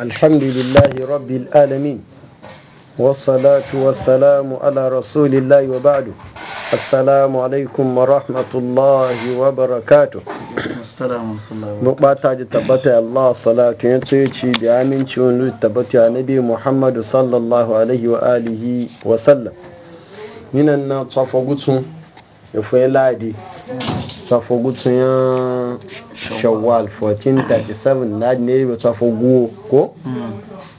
الحمد لله رب العالمين والصلاة والسلام على رسول الله وبعد السلام عليكم ورحمة الله وبركاته السلام نقطة تبت الله صلاة ينتهي بأمين شون تبتع نبي محمد صلى الله عليه وآله وسلم من الناس صفقتهم يفعل عادي صفقتهم shawwal 1437 na ne ba ta ko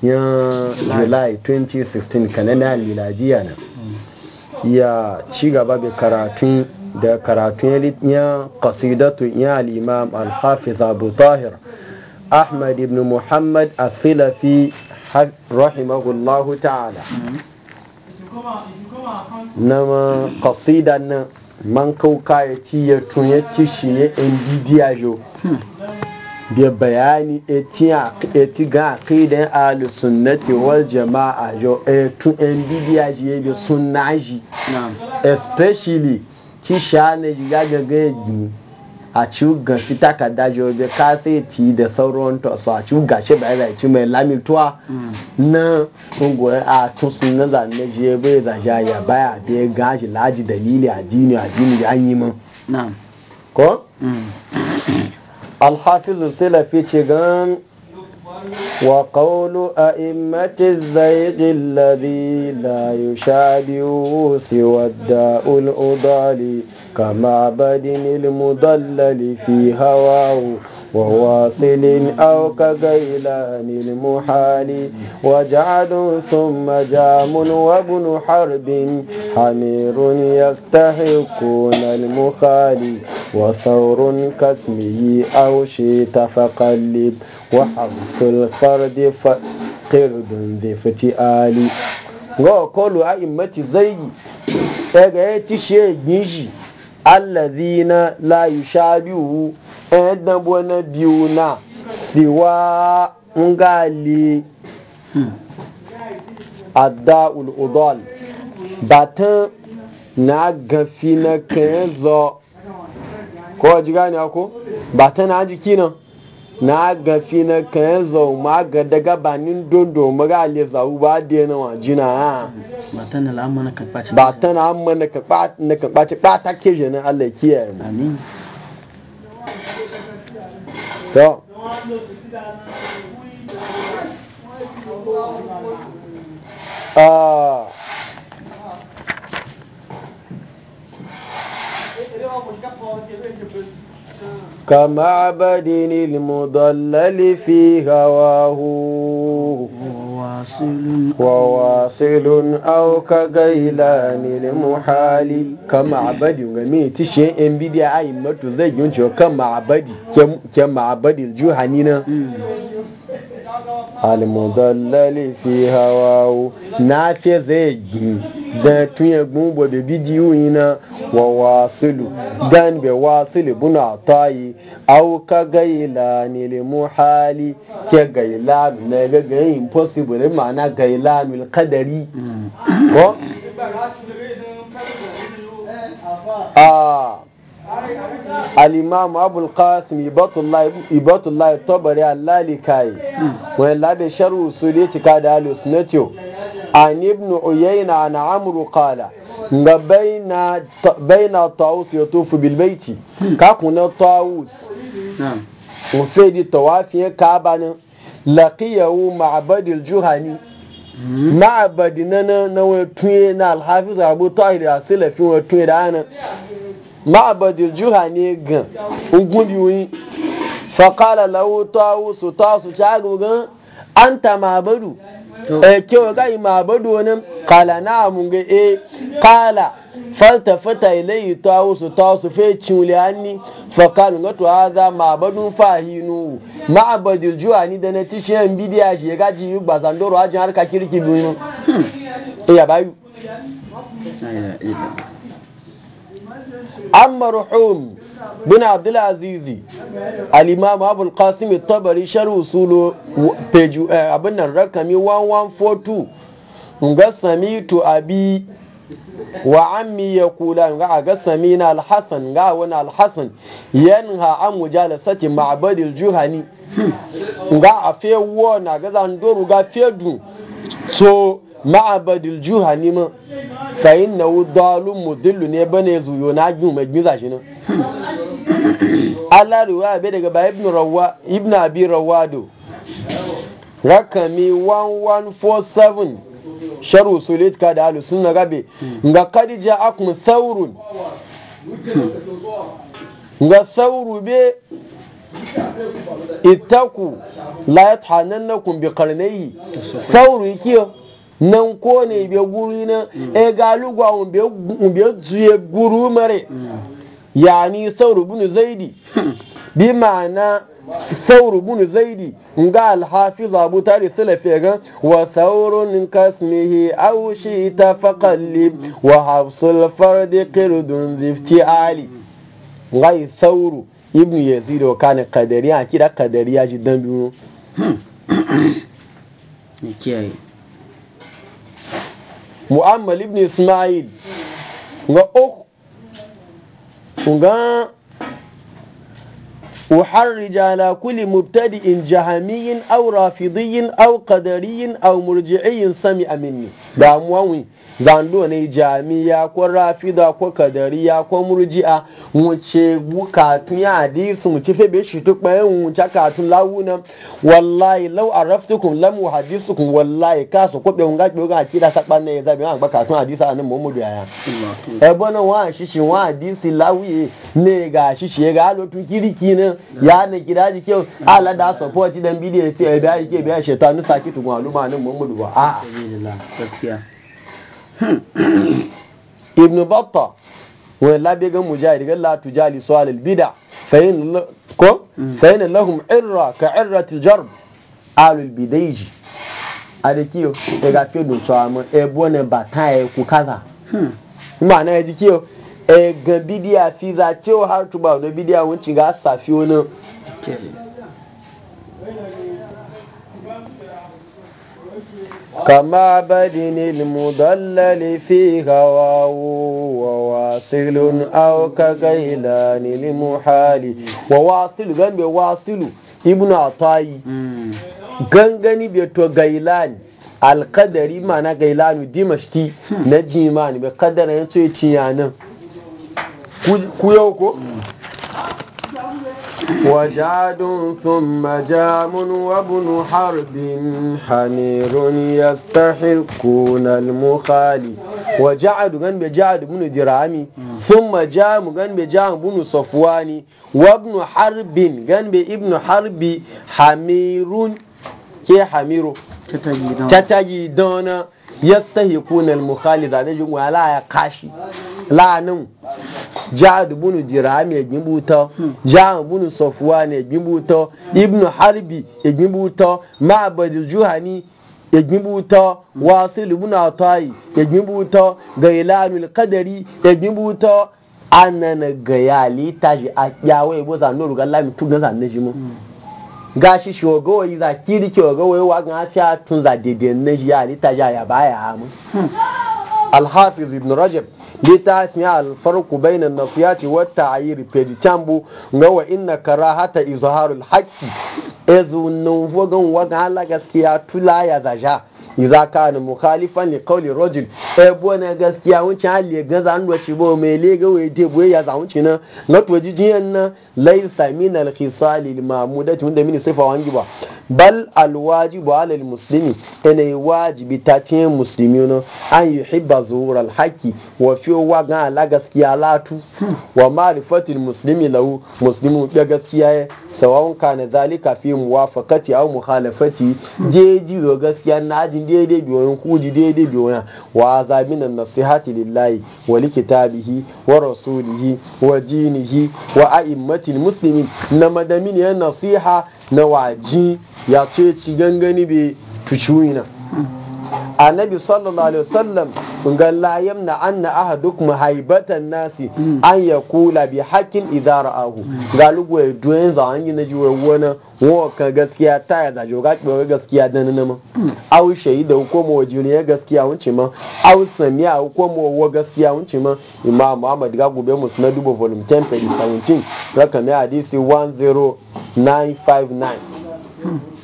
ya july 2016 kanana miladiya na ya ci gaba da karatun da karatun ya kasidatu ya al-imam al-hafiz abu tahir ahmad ibn muhammad as-silafi rahimahullahu ta'ala mm-hmm. nama kasidan mankauka kauka ya ci ya tun ya ci shi ya nvidia jo da bayani ya ci ga akidan alu sunnati wal jama'a jo ya e tun nvidia ji ya bi sunna ji especially ci sha ne ji ga gagagagi a ci gashi takarda jobe kaseti da sauran su a ci gashi bai zai ci mai lamituwa mm. na ungoyin a tun tusu na zane je bai zaja ya baya da ya gashi laji dalili addini addini ya yi min ko mm. alhafizu salafi ce gan وقول أئمة الزيغ الذي لا يشابه سوى الداء الأضالي كما كمعبد المضلل في هواه وواصل أو كغيلان المحال وجعد ثم جام وابن حرب حمير يستحقون المخال وثور كاسمه أو شيت فقلب وحبس القرد فقرد ذي فتئال ga أئمة زي immati zai ga ya tishe ginshi allazina la yushabihu ɗan dabo na biyu na siwa ngali adda'ul udal batan na gafi na kan zo ko ji gane ko na jiki nan na gafi na kayan zau ma ga daga banin dondo mura le zau ba da yana wajina ha ba ta na amma na ka ba ta ke jenin allah kiyaye mu to ah uh, كمعبد المضلل في هواه وواصل, أو كغيلان المحال كمعبد يغمي تشين ان بي دي اي متو زي ينشو كمعبد كمعبد الجوهانينا المضلل في هواه نافي زي da tun ya gun bo be bidiyo na wa wasilu dan be wasilu buna tayi au ka gaila ni le muhali ke gaila ne ga ga impossible ma'ana gaila mil qadari ko ah الإمام أبو القاسم إباة الله الطبري اللالكاي وإن لابي شر وصوليتك هذا الأسنتيو عن ابن عيينة عن عمرو قال baina tawus ya tofu ka kuna tawus ofe di tawafin kaba nan laqiyahu ma'badil juhani ma'badi na na wetuye na alhafiz abu tahir asilafi wetuye da ana ma'badil juhani gan ugun biyoyi faqala lahu tawus ta Eh, kyau ga ima abadu wani kala na mun e eh, kala falta fata ilayhi tawusu tawusu fe cinwuli hanni fakanu ga za ma fahinu Mabadu, juwa ni da na tishiyan bidiya shi ya gaji yi gbasan doro ajin harka kirki biyu hmm. iya bayu amma ruhum bin abdulazizi al-imam abul qasim tabari shar usulu page eh, abin nan rakami 1142 ga samitu abi wa ammi ya kula ga a ga samina alhassan ga wani alhassan yanha an mujalasati ma'abadil juhani ga a fewo na ga zandoro ga fedu so ma'abadil juhani ma fa inna dalun mudillu ne bane zuyo na gyu mai gmiza shi nan Allah ruwa bai daga ba ibn rawa ibn Abi Rawado rakami 1147 sharu sulit ka da alu sunna gabe ga kadija akum thawrun ga thawru be itaku la yathanannakum bi qarnayhi thawru yikiyo nan ko ne be guri na e galu gwa umbe umbe zuye guru mare mm. yani sauru bin zaidi hmm. bi ma'ana sauru bin zaidi ga alhafiz abu tari salafi ga wa saurun kasmihi aw shi ta faqallib wa hafsul fard qirdun zifti ali Ngai sauru ibnu yazid wa kana qadari kira qadari ji dan biyu hmm. mu'ammal ibn isma'il kunga uharrija kuli kulli mubtadi'in jahamiyyin au rafidiyyin au qadariyyin au murji'iyin sami minni damuwa zando ne jami'a ko rafida ko kadariya ko murji'a wuce katun ya hadisi mu ci be shi duk bayan wuce katun lawuna wallahi lau araftukum lam uhaddisukum wallahi ka so ko be wunga be ga kida sakban ne zabi an ba katun hadisi anan muhammadu yaya e bona wa shi shi wa hadisi lauye ne ga shi shi ga lotun kiriki ne ya ne kida ji ke ala da support dan bidiyo fi da yake be shaytanu sakitu maluma nan muhammadu ba a'a gaskiya hmm. ibn batta wani labe ga mujahid ga la tujali sawal bida fayin ko hmm. fayin lahum irra ka irratil jarb alul bidaiji adekiyo e ga pe dun tsamu e ba ta e ku kaza hmm. ma na ji kiyo e ga bidiya fi za cewa har tuba da bidiya wuncin ga safi wani كما بدن المضلل في هواه وواصل أو كغيلان المحال وواصل جنب واصل ابن عطاي gangani bai to gailani alkadari ma na gailani dimashki na jimani bai kadara ya ce ku yau ko وجعد ثم جام وابن حرب حمير يستحقون المخالي وجعد غن بجعد بن درامي ثم جام غن بجام بن صفواني وابن حرب غن بابن حرب حمير كي حمير تتجي دونا يستحقون المخالي ذا نجم ولا يقاشي laanin jihad bunu dirami egin buto hmm. jihad bunu sofuwan egin buto hmm. ibnu harbi egin buto ma'abadi juhani egin buto hmm. wasil ibn atai egin buto gailanul qadari egin buto anan gayali taji akyawe bo za noru galami tugan za neji mu gashi shogo yi za kiri ki ogo yi wa gan afia tun za dede neji ali taji ya baya mu al hafiz ibn rajab littafin alfarku bainan nasiyati wa ta'ayiri pedi chambu ga wa inna karahata izharul haqqi ezu nun gan waga hala gaskiya tula ya zaja iza kana mukhalifan li rajul ebo na gaskiya wuncin hali gaza an wace bo mai lega wai de bo ya zan na na to jijiyan na laysa min al khisal da mamudati da mini sifa wangi ba bal alwajibu alal muslimi ene wajibi ta ce muslimi no an yi hibba zuwar alhaki wa fi wa gan ala gaskiya latu wa ma'rifatil muslimi lahu muslimu ya gaskiya ya sawawan kana zalika fi muwafaqati aw mukhalafati jeji do gaskiya na ajin daidai biyoyin kuji daidai biyoyin wa azabinan nasihati lillahi wa likitabihi wa rasulihi wa dinihi wa a'immatil muslimin na madamin ya nasiha na waji ya ce ci gangani bai tuci wina annabi sallallahu alaihi wasallam ga la yamna anna ahadukum haibatan nasi an yakula bi hakin idza ra'ahu galugo e duyen za an yi na jiwa wona wo ka gaskiya ta ya zajo ga kiwa gaskiya dan nan ma aw shahida ko mo juriya gaskiya wunce ma Au samiya ko mo wa e gaskiya wunce ma imam muhammad ga gobe duba volume 10 page 17 rakamai hadisi 10959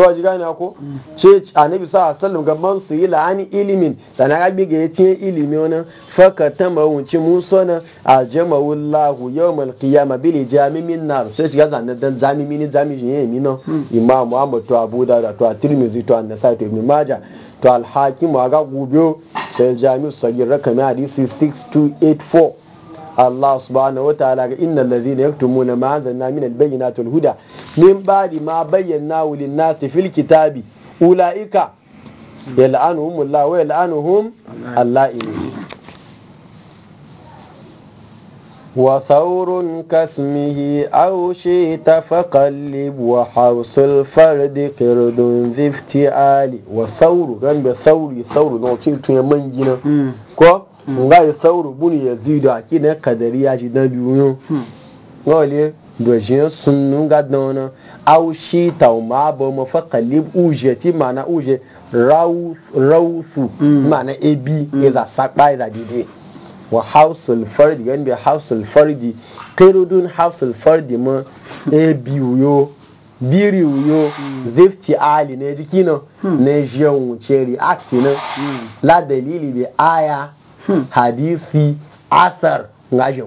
ga ji gane ko ce annabi sa sallam ga man su yi la'ani ilimin da na gabi ga yace ilimi wannan faka ta mawunci musa na ajma'u llahu yawmal qiyamah bil jami'in nar sai ci gaza na dan jami'i ne jami'i ne mi imam muhammad to abu da to tirmizi to an-nasai to ibn majah to al-hakim ga gubiyo sai jami'u sagir rakami hadisi 6284 Allah subhanahu wa ta'ala ga inna allazi na yaktu muna ma zanna mina bayi na tulhuda min ba di ma bayan na wulin nasi filki ta bi ula'ika ya la'anuhun mula wa ya la'anuhun Allah'inu wa saurin kasmihi a rushe ta faƙalli wa hausul faradi ƙirdun zifti ali wa sauru da sauri sauru na cikin tunye mangina ko Hmm. nga yi sauru buni ya zido a kina kadari ya hmm. shi dan biyu nga wale dojin sun nga dana au shi tau ma ba ma fa kalib uje ti mana uje rausu hmm. mana ebi ya e za sakpa ya e za dide wa hausul fardi yan bi hausul fardi qirudun hausul fardi ma ebi uyo biri uyo zifti ali na ne jikino Na jiyan wuce react na la dalili bi aya hadisi asar ngajin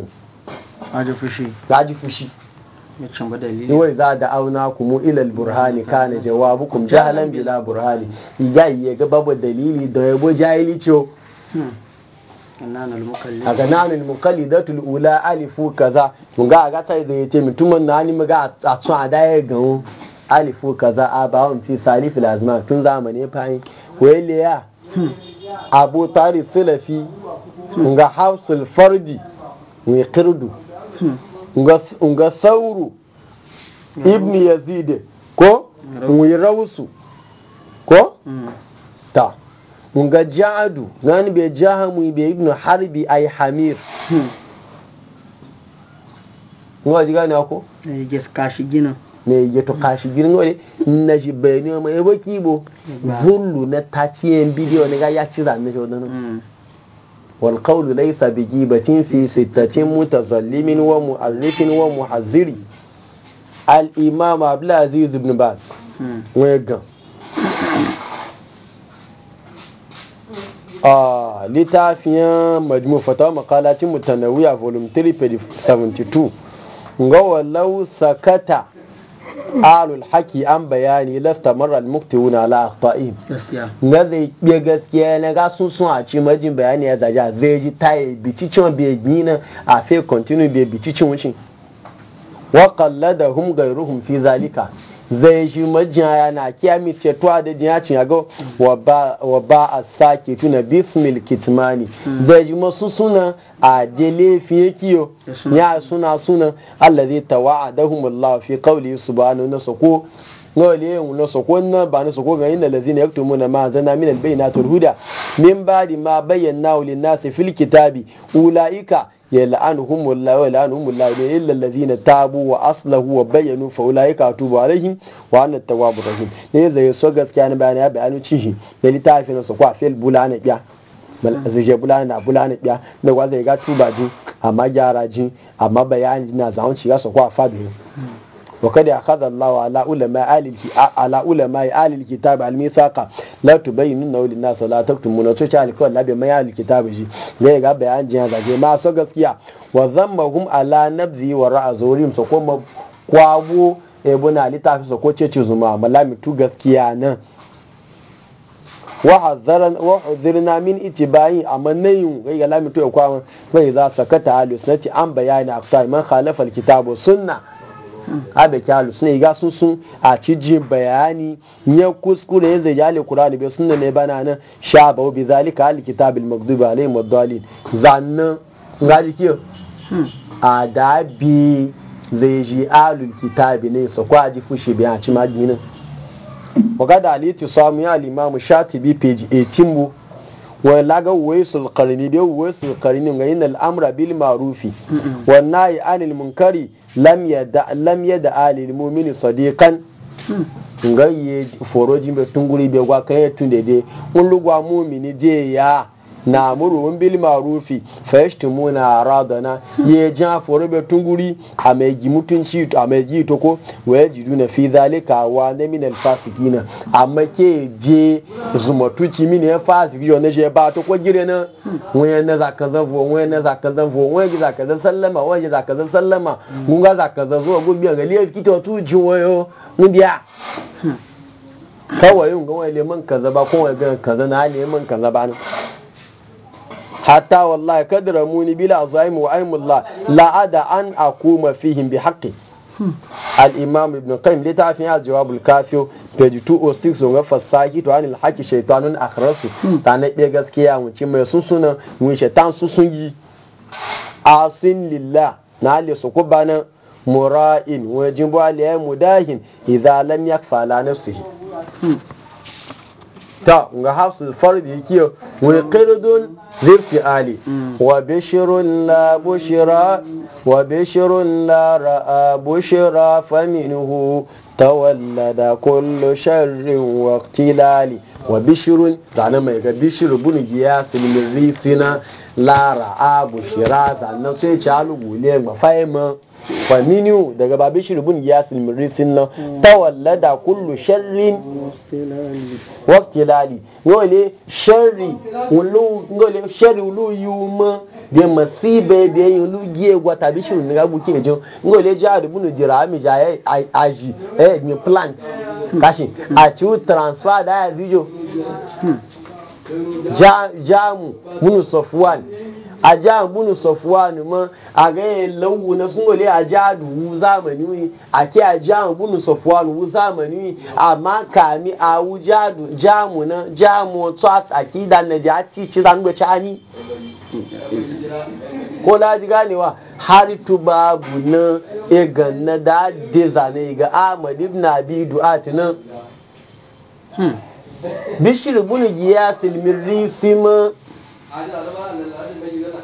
gaji fushi gaji fushi wai za da auna kuma ilal burhani kana jawabukum jahalan bila burhani yayi ya ga babu dalili da yabo jahili ciwo hmm. a mukalli da tul'ula alifu kaza mun ga a gata da ce mutumin na ni muga a tsun a daya gawo alifu kaza a bawon fi salif lazima tun zamani fahim wai leya hmm. abu tari silafi nga hausul fardi mai kirdu nga sauru ibn yazid ko mai rausu ko ta nga ja'adu gani bai jahamu bai ibn harbi ay hamir nga ji ako ne eh, gaska gina ne ya to kashi girin wani na shi bayani wa mai baki bo zullu na taciyen bidiyo ne ga ya ci zane shi nan mm. wal qawlu laysa bi gibatin fi sittatin mutazallimin wa mu'allifin wa muhazziri al imam abdul aziz ibn bas wai mm. gan a ah, litafiyan majmu fatawa makalacin mutanawiya volume 3 72 ga walau sakata alul haki an bayani lasta marar muktiuna la akhta'in na zai biya gaskiya na ga sun sun a ci majin bayani ya a zai ji yi bicicin biya gina a fe continue biya bicicin wucin wa qalladahum ghayruhum fi zalika zai shi majiyaya yana kiya mi tetuwa da jiya cin yago wa ba a sake tuna bismil kitmani hmm. zai shi masu suna a jele fiye kiyo ya suna suna allah zai tawa a dahumullah fi kawli su ba na sako wale yin na sako na ba na sako ga na lazina yaktumuna ma zana minan albayinati wal huda min ba di ma bayyana lin nasi fil kitabi ulaika Yan la'anu humul'la ya yin lallafi na ta'abu wa aslahu wa bayyanu fa wula ya ka tuba wa yanzu ta bawa buta ne zan yi so gaskiya na bayaniya bayanin ci ne litattafai na sokua filin bula na kpela zai kula na kpela na kpela kwa zan yi gattubar jin amma gyara ji amma bayani na azamahon ci gasa kuka fa biyu. وقد أخذ الله على علماء آل على علماء آل الكتاب الميثاق لا تبينونه للناس ولا تكتمونه لا بما آل الكتاب جي لا ga bayan jin zage ما so gaskiya wa على نبذي وراء wa سوكوما so kuma ebuna litafi so ko cece zuma malami gaskiya nan wahazirna min itibayi amma nayin gai ga lamitu ya kwamin zai za sakata halus na ci an bayani a man khalafa sunna alu suna iga sun a cijin bayani ya kuskure ya zai jale kurani bai sunna ne bana nan sha bau bi zalika al kitab al maghdub alaihim ad-dallin zannan ngaji kiyo hmm. adabi zai ji alul kitabi ne so kwa aji fushi bi a ci madinin wakada aliti samu ya limamu shatibi page 18 mu Wai laga waisul qarni dai waisul qarni ga inal al'amura bil ma'rufi wa nahi anil munkari lam yada lam yada alil mu'mini sadiqan ngai ye forojin tunguri be gwa tunde de un lugwa mu'mini jiya. na mun bil marufi fa na radana ye ja foro be tunguri a mai mutunci a mai gi to ko wa yajiduna fi zalika wa na min al fasikina amma ke je zumatuci min ya fasiki yo ne je ba to ko gire na ya na zaka zanfo ya na zaka zanfo wayan gi zaka zan sallama wayan ya zaka zan sallama mun ga zaka zan zo gobe ga liye kito tu jiwoyo mun biya kawai yin ga wani leman kaza ba ko wani kaza na leman kaza ba ne hatta wallahi kadra muni bila azaimu wa aimullah la'ada an akuma fihim bi haqqi al-imam ibn qayyim littafin jawab al-kafi page 206 ga fasaki to anil haqi shaytanun akhrasu hmm. ta ne be gaskiya mun ci mai sunsunan mun shaytan sun yi asin lillah na le su kubana mura'in wajin bu aliya mudahin idza lam yakfa ala nafsihi hmm. ta ga hafsul da kiyo wani kairudun zirti ali mm. wa bishirun la bushira wa bishirun la ra'a bushira faminhu tawallada kullu sharrin wa iqtilali wa bishirun zana mai ga bishiru bunu giya sinimin risina la ra'a bushira zana sai ci alugu ne ma fa daga babe shi ya silmiri sinna tawallada kullu sharrin waktilali yole sharri ulu ngole sharri ulu yuma de masibe de gie gwa ngole ja jira mi ja e aji e mi plant kashi transfer da ja jamu munu sofwan aja bunu safwan ma a ga lawu na sun gole aja du zamani ne. a ke aja bunu safwan wu zamani ne. amma kami a wu jadu jamu na jamu to akida na da ti ci zan go chani ko laji ganewa har tubabu na Egan na da de zane ga Ahmad ibn Abi Duat nan hmm. bishir bunu giyasil mirri sima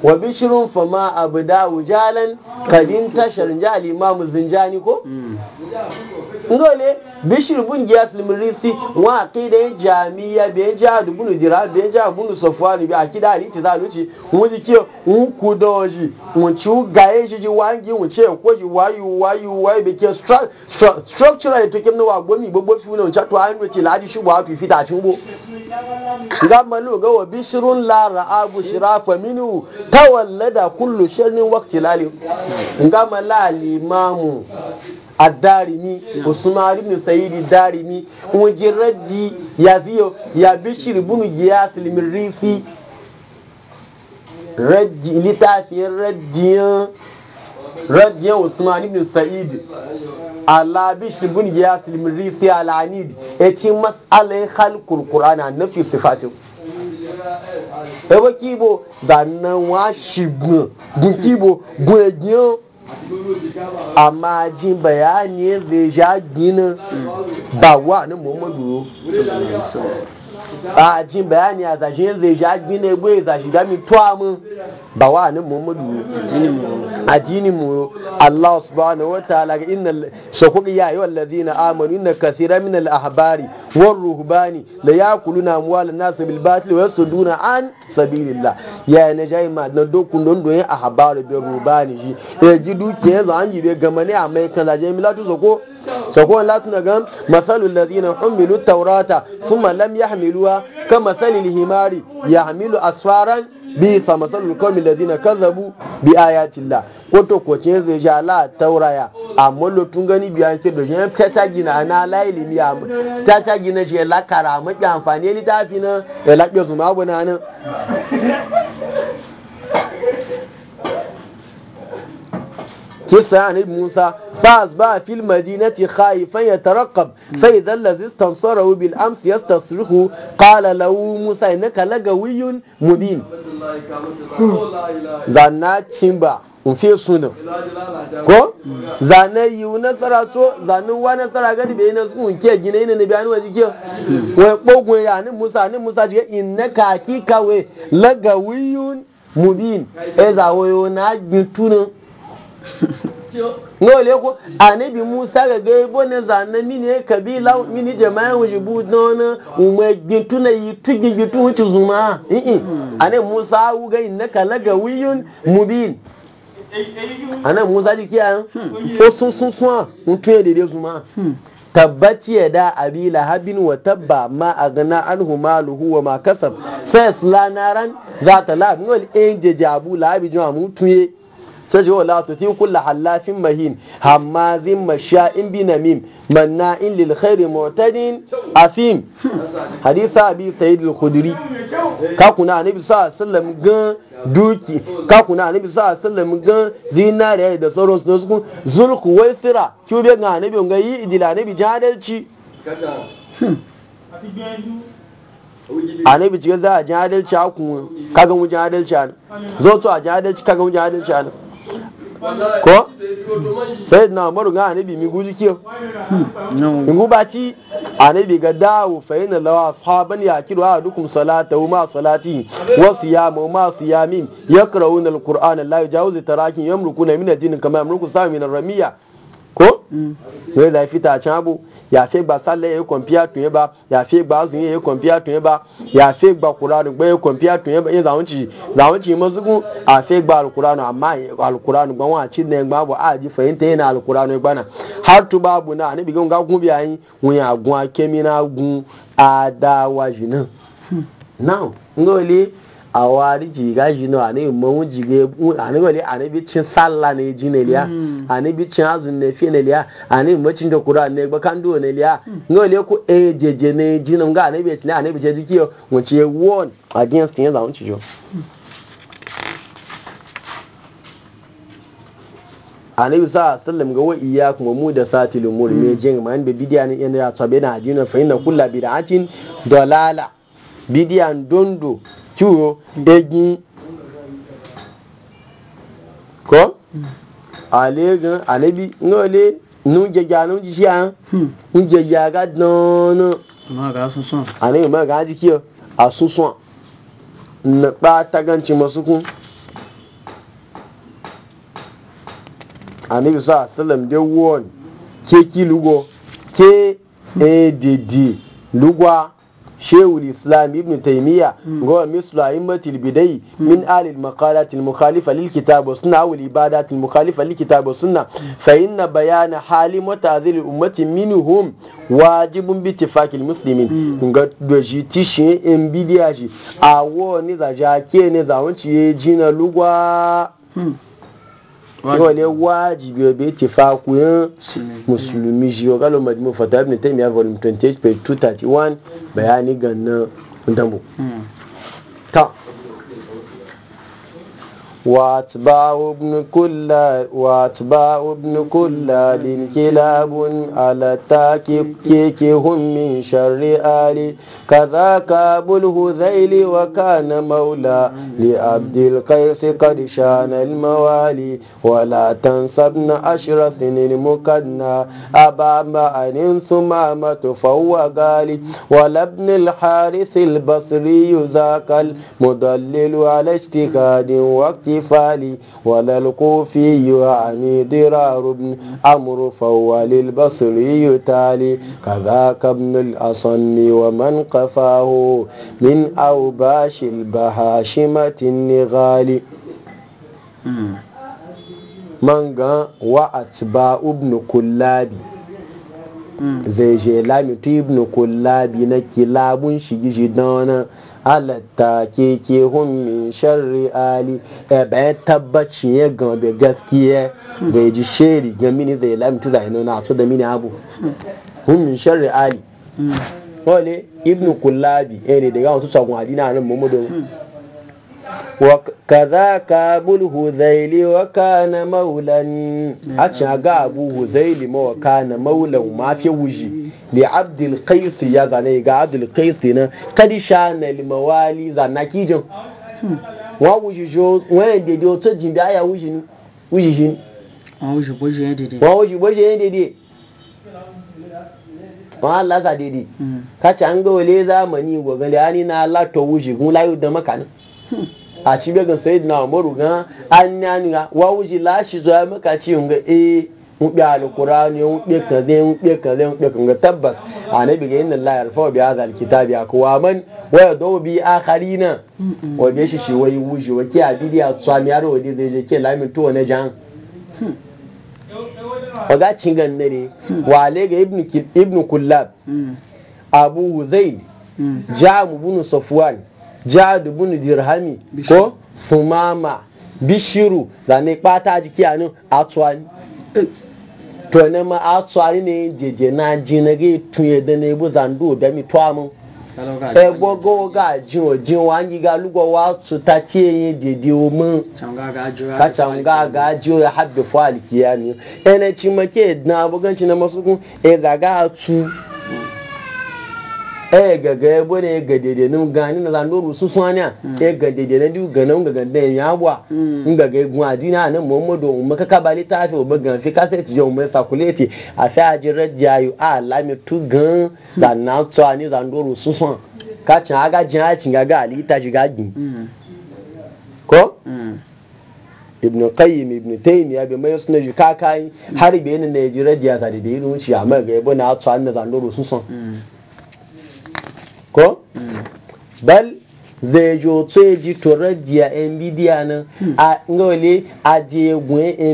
wa bishirun fama abu da wujalan kadin tashar ja alimamu zinjani ko? Hmm. ngole bishir bun giya silmirisi wa aqida yin jami'a bi ja dubun dira bi ja bunu safwani bi akida ali tizaluci mu ji ke un ku doji mu ci gaye ji ji wangi mu ce ko gbogbo fi wona cha to an ci laji shubu a fi fita cin ga malu ga wa bishirun la ra'a la bushra fa minu tawallada kullu sharrin waqti lali ngama la limamu ad-darimi usman ibn sayyid ad-darimi mujarradi yaziyo ya bishir ibn giyas al-mirrisi raddi litafiyar raddiyan raddiyan usman ibn sa'id ala bishir ibn giyas al-mirrisi al-anid yace mas'alai khalqul qur'ana nafi sifatin ewe kibo zannan wa shi gun gun kibo gun egiyan amma jin bayani zai ja ginin ba wa ni muhammadu a jin bayani a zashe zai ja na ya gwaye zashe ga mi tuwa mun ba wa nan A dini mu Allah subhanahu wa ta'ala ga inna shakuki ya ayyuhal ladina amanu inna kathira min al ahbari Da ruhbani la yakuluna amwal nas bil batil wa yasuduna an sabilillah ya na jai ma na dokun don don ahbaru bi ruhbani shi e ji dukiya zan yi be gamane a mai kan zaje milatu soko sakon latin gan masalu ladina humilu taurata summa lam yahmiluha ka matsalil himari yahmilu asfaran bi sa matsalul kawmin ladina zabu bi ayatillah koto ko ce zai ja la tauraya amma tun gani biya ce da jin ta gina na la ilimi amma ta gina je la karama ki amfani litafi na ya zuma su mabuna nan kisa an ibn Musa fa asba fil madinati khaifan yatarqab fa idha allazi istansarahu bil ams yastasrihu qala lahu Musa innaka lagawiyun mubin zanna chimba ufe suna ko zane yi nasara to zane wa nasara gani bai na sun ke gina ina ne bayani waje ke wai kogun ya ni musa ni musa ji inna ka kika we mubin e za na lole ko anabi musa ga ga ibo ne zanna mini kabila mini jama'a wujibu dona umma gintuna yi tugi gitu wuci zuma eh ane musa u ga kala ga wiyun mubin anabi musa ji kiya o sun sun sun mutun da zuma tabbati ya da abi lahabin wa tabba ma a gana an maluhu wa ma kasab sai slanaran za ta lahabin eh, wani in jajabu lahabi jima mutuye sai wa wala ti kullu halafin mahin hammazin masha'in binamim manna'in lil khairi mu'tadin afim hadisa bi sayyid al khudri ka kuna annabi sallallahu alaihi wasallam gan duki ka kuna annabi sallallahu alaihi wasallam gan zinariya da sauran su su zulku wai sira ki be ga annabi on gayi idila annabi jadalci annabi ga za a jadalci hakun kaga mu jadalci an zo to a jadalci kaga mu jadalci an ko hmm. sai na umaru ga anabi mi guji kiyo in guba ci anabi ga dawo fa yana lawa sahaban ya a dukum salata ma salati wa siyamu ma siyamin yaqrauna alqur'ana la yajawzu tarakin na min ad kama yamruku sami min ramiya ko mm. yóò la fi acha bụ ya fe gba sálẹ̀ yẹn kọ̀mpíà tún ya ba yàfẹ́ gba azùn yẹn kọ̀mpíà tún yẹn ba fe gba kuranu gba yẹn kọ̀mpíà tún yẹn ba yẹn zàwọn tì zàwọn tì a fe gba alukuranu àmà alukuranu gbọ́n wọn àti nẹ́ẹ̀ gbọ́n na har tó bá bu náà níbi gbọ́n gún bí i ayin a awari jiga jino ane mawu jige ane wale ane bicin salla ne ji ne liya mm. ane bicin azun ne fi ne liya ane macin da kura ne gba kan duwa ne liya mm. ngo le ku e jeje ne ji ne nga ane bicin ane bicin jiki yo ngo ci e won against mm. ne za unci jo annabi sa sallam ga wa iya kuma mu da satil umur me jin man be bidiya ne yan yana tabe na ajina fa inna kullu bid'atin dalala bidiyan dondo kiwo egin ko hmm. ale alebi ale bi n ò lè nu jẹjẹ anu jíṣẹ ahun n jẹjẹ aga dán náà ale yìí máa gàá jíkí ọ àsúnsùn nípa tagantí mọ̀sùkún anabi sọ asalam ki wọ́ọ̀n kéèkì lúgọ dede lúgọ. shehul islam ibn taymiya hmm. gowa mislu a'immatil bidai hmm. min alil maqalat al mukhalifa lil kitab wa sunna wal ibadat al mukhalifa lil kitab wa sunna hmm. fa inna hali mutazil ummati minhum wajibun bi ittifaq al muslimin ga doji tishin in bidiya shi awo ni jake ne za wanci lugwa yau ne wajibi obe ti fa kuyan musulmi shi yau fata volume 28 page 231 bayani ganna dambu hmm. ta واتباع ابن كل واتباع ابن كل كلاب على التاكيكهم من شر آل كذا كابو الهذيل وكان مولى لعبد القيس قد شان الموالي ولا تنسى ابن أشرس المكنى أبا معن ثمامة فوقالي ابن الحارث البصري ذاك المضلل على اجتهاد وقت الاحتفال ولا الكوفي عن درار بن عمرو فهو للبصري تالي كذاك ابن الأصم ومن قفاه من أوباش البهاشمة النغال من وأتباع ابن كلابي zai je lamitu ibn kullabi na kilabun shigi shi don alatta ke ke min sharri ali e bayan tabbaci ya gama da gaskiya hmm. zai ji sheri ga mini zai lamtu zai nuna to da mini abu hmm. hun min sharri ali hmm. wale ibnu kullabi eh ne daga wasu sagun adina nan muhammadu وكذاك أبو الهذيل وكان مولا wa Kana هذيل ما وكان مولا وما في وجي لعبد القيس يا زاني عبد القيس هنا قد شان الموالي زانكي جو وين دي دي تجين دي wuji بوجي دي دي wọn Allah sa daidai ka an ga wale zamani gwagali ani na Allah to layu da makanin a ci bai ga sayid na umaru an yani ga wa wuji lashi zuwa maka ci eh, ga eh mbe alqur'ani mubi kaze mbe kaze mbe kaze tabbas annabi ga inna la yarfa bi hadha alkitabi akwa man wa yadu bi akharina wa be shi shi wai wuji wa a abidi a tsami yaro wadi zai je ke lamin to na jan hmm. waga cingan ne hmm. wa le ga ibnu kullab hmm. abu huzail jamu bin safwan jihad bin dirhami ko sumama bishiru zane kpata jiki anu atuani to ne ma atuani ne jeje na ji na ga tunye da ne bu zandu da mi to amu egbo go ga ji o ji wa ngi ga lugo wa tu ta ti yin dede o mu ka changa ga ji o habbe fo alkiyani ene chi make na buganci na masukun e ga tu e gaga ya bane ga dede nun gani na zandoru su sanya e hmm. ga dede na du ga nan ga dan ya bwa in hmm. ga ga gun adina nan muhammadu umma ka kabali ta fi ba gan fi kaset je umma sakuleti a fi ajira jayu a lami tu gan zanna to ani zandoru su san ka aga jin a cin ga ali ta ji gagin ko ibn qayyim ibn taymiya be mai suna ji kakai har be ne ne jira diya ta da irin wuce amma ga yabo na to an zan zandoru su ko hmm. bal zai jo ji to radiya nvidia na hmm. a ngole a je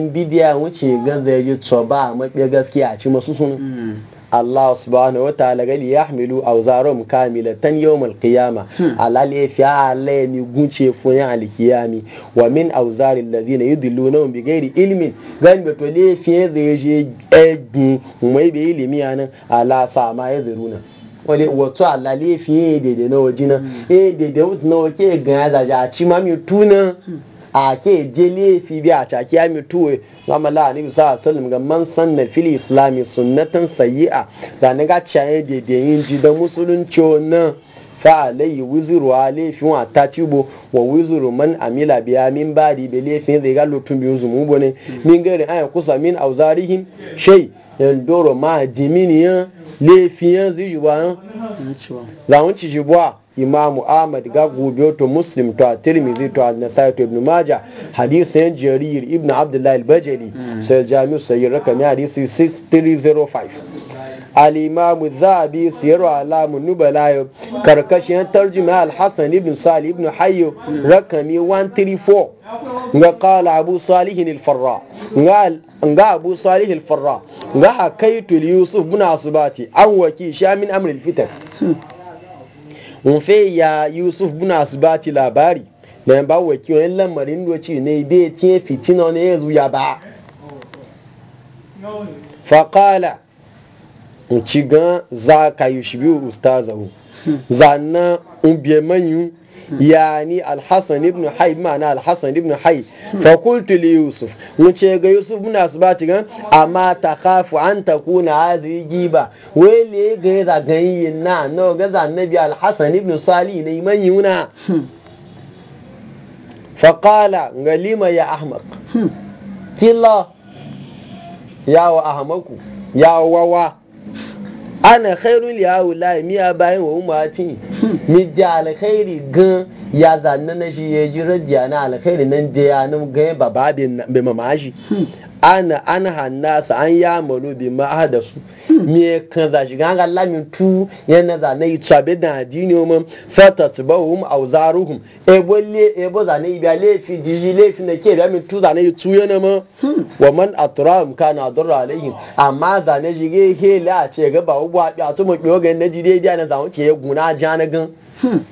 nvidia wuce ga zai to ba maɓe gaskiya a ci masu sun hmm. Allah subhanahu wa ta'ala ga li yahmilu awzarum kamilatan yawm al-qiyama alal yafi'a ni gunce funya al-qiyami wa min awzari alladhina yudilluna bi ghairi ilmin gan be to le fiye zai je egi mai be ilimi anan ala sama yaziruna wale wato alale fiye dede na waje na hmm. eh dede na wake gan zaje a ci ma mi na hmm. a ke dele fi bi a caki ya mi tuwe gama la ni bisa sallam ga man sanna fil islami sunnatan sayyi'a zane ga ciye dede yin ji da musulunci na fa alayhi wizru alayhi wa tatibo wa wizru man amila biya min badi bi laifin zai ga lutun biyu zumu bone hmm. min gari an kusa min auzarihim shay yan doro ma jiminiyan laifiyan zai ji bayan eh? ci ji buwa imamu ahmad ga gobe to muslim to tirmizi to nasai to ibn maja hadisin jarir ibn abdullahi al-bajali hmm. sai jami'u sayyid rakami hadisi 6305 al-imamu dhabi siyarwa alamu nubalayo eh? karkashin tarjuma al-hasan ibn sali ibn hayyo hmm. rakami 134 ga kala abu salih alfarra, farra ga abu salih alfarra, farra ga hakaitu yusuf ba ce an waki shamin amr fitar. fitan mun fe ya yusuf bin asbati labari na yamba waki wani lamarin doci ne bai tiye fitina ne ya zuya ba faƙala ci gan za ka yi shi biyu ustazahu Za na ubiye manyu yani alhassan ibn hay ma'ana alhassan ibn hay fa qultu li yusuf mun ce ga yusuf muna su ba tigan amma takhafu an takuna hazi giba wele ga za ganyin na no ga za alhassan ibn salih ne man yuna fa qala Ngalima, ya ahmaq hmm. killa yawa ahmaku yawa wawa ana khairu li mi miya bayan wa ummatin mi da alkhairi gan ya zanna na shi ya ji radiya na alkhairi nan da ya nan ga babin be mamashi ana an hanna su an ya malu bi ma da su me kan za shi ga lamin tu yana za na yi tsabe da adini mu fata tubahum aw zaruhum e bolle e bo za na ibiya lefi jiji lefi na ke da min tu za na yi tu yana mu. wa man atram kana darra alaihim amma za na ge he la ce ga ba ubu abi a mu biyo ga na dai dai na za mu ce guna jana gan hmm.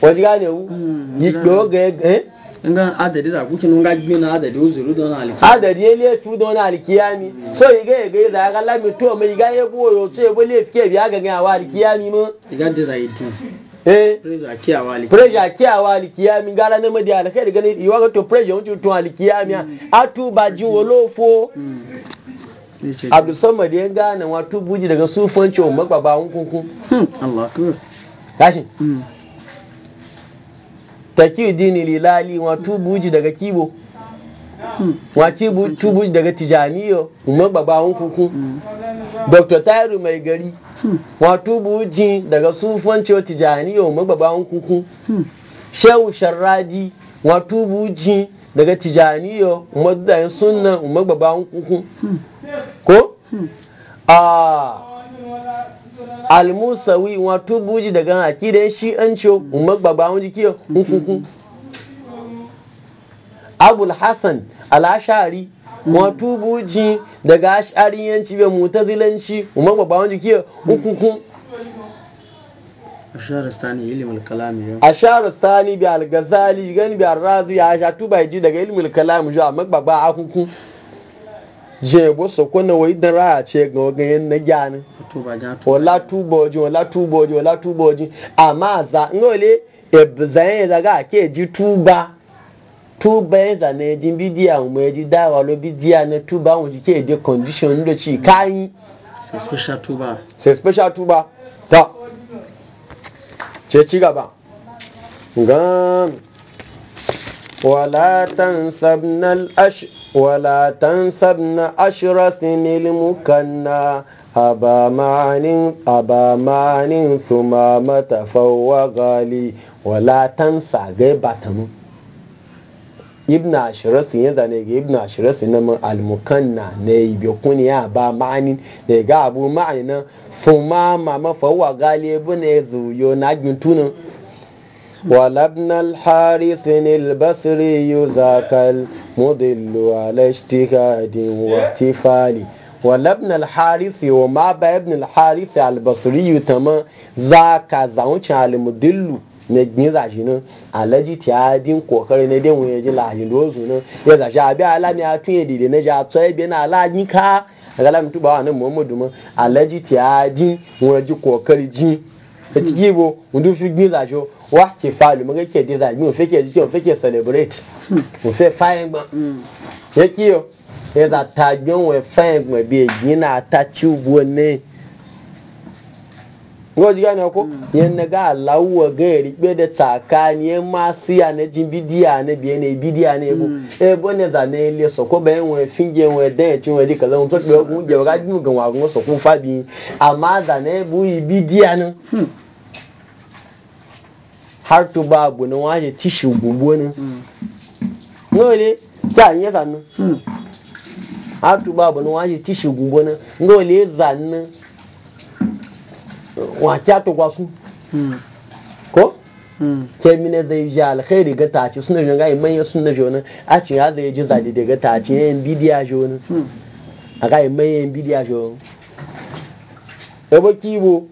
Wani ne wu hmm. yi biyo ga eh nga adadi za kuke nunga gbe na adadi uzuru don alkiyami adadi ele don alkiyami so iga iga za ga lami to me iga ye bo yo to bo le fike bi aga ga wa alkiyami mo iga de za itu eh pressure ki awali pressure ki awali kiyami ngala ne gani iwa ga to to alkiyami mm. atu ba ji wolofo mm. abdul samad ya gane wato buji daga sufanci wa magbaba Allah akbar taki dini lilali wa tubuji daga kibo hmm. wa kibo tubuji daga tijaniyo umma baba hun kuku dr tairu mai gari hmm. wa tubuji daga sufanci wa tijaniyo umma baba kuku hmm. shehu sharradi wa tubuji daga tijaniyo umma dayan sunna umma baba kuku ko a ah. almusawi wato buji daga àkídé shi an ń ṣe ọmọ gbàgbà àwọn hukuku. kí abul hassan alashari wọn tó bújì daga ashariyanci bẹ mutazilanci ọmọ gbàgbà àwọn jí kí ọ ń A ashar sani bi al gazali gani bi al-razi ya shatu tuba ji daga ilimin kalam zuwa magbaba gbagba akunkun je bo so ko na wai da ra ce ga wagan na gyanin wala tuboji wala tuboji wala tuboji amma za ngole e zayen daga ke ji tuba tuba yin zane jin bidiya mu ya ji dawa lo bidiya na tuba mu ji ke de condition da ci kayi sai special tuba sai special tuba ta ce ci gaba gan wala tansabnal ash ولا تنس ابن أشرس المكنى أبا معن أبا معن ثمامة فوق لي ولا تنسى ibn ashirasin ya zane ga ibn ashirasin na almukanna na ibe kuniya ba ma'anin da ga abu ma'anin fuma mama fawa gali ebe na ya zuyo na ولبن الحارث البصري يزاك المضل على اجتهاد واحتفال ولبن الحارث وما ابن الحارث البصري تما ذاك على المضل ne gbe zashi nan alaji ti a din kokari na den wuye ji lahi lozu nan ya zashi abi alami a tun yedide na ja to ebe na alaji ka agala mutu ba nan muhammadu ma alaji ti a din wuye ji kokari ji etiyibo ndu fi gbin zashi wati falu mun ke design mun fake jiki mun fake celebrate mun fe fayin ba yake yo ya za ta gyon we fayin ma be gina ta ci ne ngo jiga ne ko yen na ga lawo ga ribe da tsakani yen ma siya na jin bidiya ne biye ne bidiya ne ko e bo ne za ne le so ko ben we finje we de ti we di kaza mun to do kun je ga dun ga wa gun so kun fabi amma za ne bu bidiya hmm. ne har to ba abu na waje tishi gugu ne ngole a yi zanu hmm. har to ba abu na waje tishi gugu ne ngole zanu wa kya to kwasu hmm. ko hmm. ke mine zai ji alkhairi ga tace suna jin gai manya suna jona a cin ya zai ji zadi daga tace yan bidiya jona a gai manyan bidiya jona yabo kibo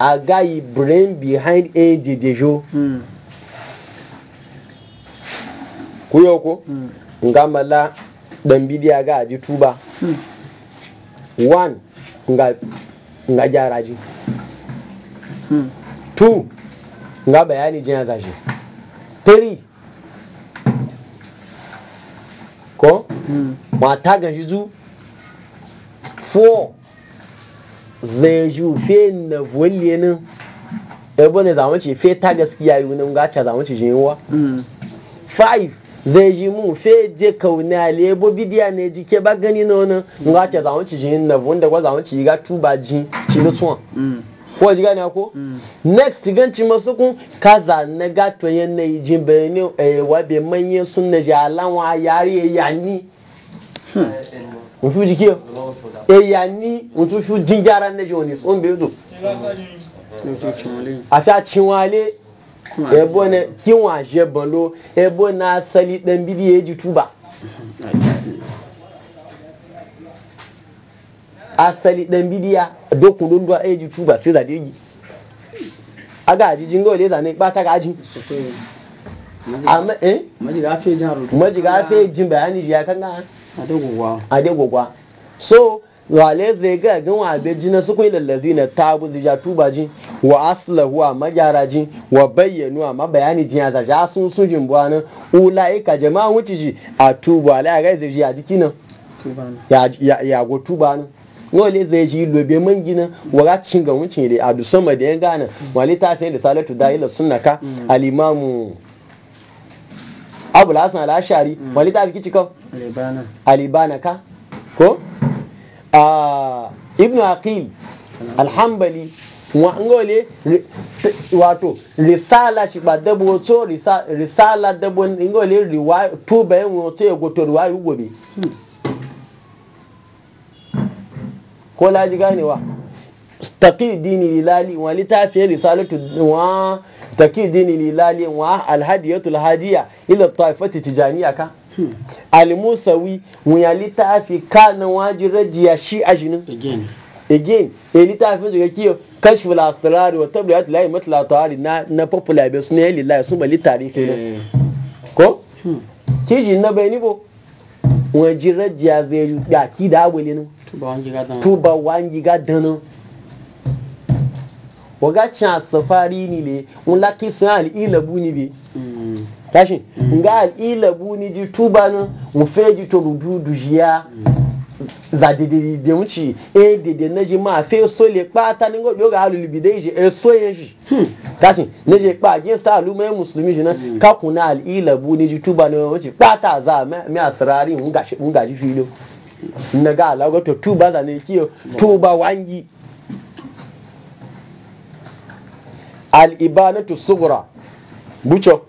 a guy brain behind age dejo hmm. kuyo ko hmm. ngamala dan bidi ga ji tuba hmm. one nga nga jaraji two nga bayani za zashi three ko mata ga zu four zai jufe na volle nan ebe ne zamu ce fe ta gaskiya yi nan gacha zamu ce jinwa 5 mm. zai ji mu fe je kauna lebo bidiya ne ji ke ba gani na wani gacha mm. zamu ce jin na wanda kwa zamu ce ga tuba ji mm. ci na tuwa ko ji gani ako next ganci masu kun kaza na gato yan na yi jin bayani eh, wa manyan sun na ji alawa yare yanyi hmm. mutu jiki e ya ni mutu shu jinjaran na joni tsohon bai zo a ta cinwale ebo na kinwa je balo ebo na asali dan bidi ya ji tuba asali dan bidiya dokun don duwa ya e ji tuba sai zade yi aga ajijin gole zane bata ga ajin amma eh majiga fe jin bayani ya kan ga adegogwa so wale zai ga gan wa be jina su lallazi na tabu zija tuba jin wa aslahu a magyara jin wa bayyanu a mabayani jin a zaja sun su jin buwa nan ula'ika jama'a wuce ji a tuba ala ga zai ji a jiki nan ya go tuba nan wale zai ji lobe man gina wara cin ga wuce ne a dusan ma da ya gana mm. wale ta fiye da salatu da ila sunnaka mm. alimamu abu lasan alashari mm. wani ta fi cikin alibana ka ko ah, ibnu aqil alhambali wa ngole wato risala shi ba dabo to risala dabo ngole riwaya to bayan wato ya goto riwaya gobe hmm. ko laji ganewa taqi dini lilali wa litafi risalatu wa taki dini lilali wa alhadiyatul hadiya ila taifati tijaniya ka almusawi wuyali ta fi kana waji rajiya shi da jinin again eli ta fi zuwa kiyo kashfu al-asrar wa tabliyat la yamat la tari na na popular be sunan eli la su bali tarihi ko kiji na bai ni bo waji rajiya zai ga ki da abulin tuba wangi waga can safari ni le un laki sun al'ila buni bi tashi hmm. hmm. nga al'ila buni ji tuba nan un feji to rududu jiya hmm. za dede de wuce e dede na ji ma fe so le pata ni go yoga alu bidai ji e so ye ji tashi ne je pa against alu mai musulmi ji nan ka kuna al'ila buni ji tuba nan wuce pata za mi asrari mun gashi mun gaji filo na ga alago to tuba za ne kiyo tuba wangi al'ibanatu sugura bucho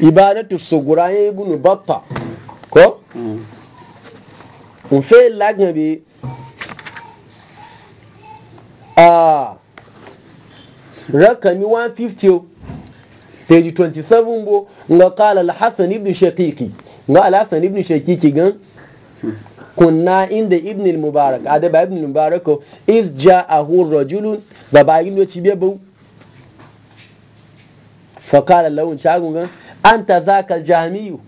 ibanatu sugura ya eh, yi bunu batta ko? Mm. nfe lagnabi a ah. rakami 150 page 27 bo nga kala al-hassan ibn shakiki nga al-hassan ibn shakiki gan mm. kunna inda ibn mubarak a daba ibn mubarak is ja'ahu rajulun zabagin lo cibe bu Fa fakala lawun ga. anta zakal jami'u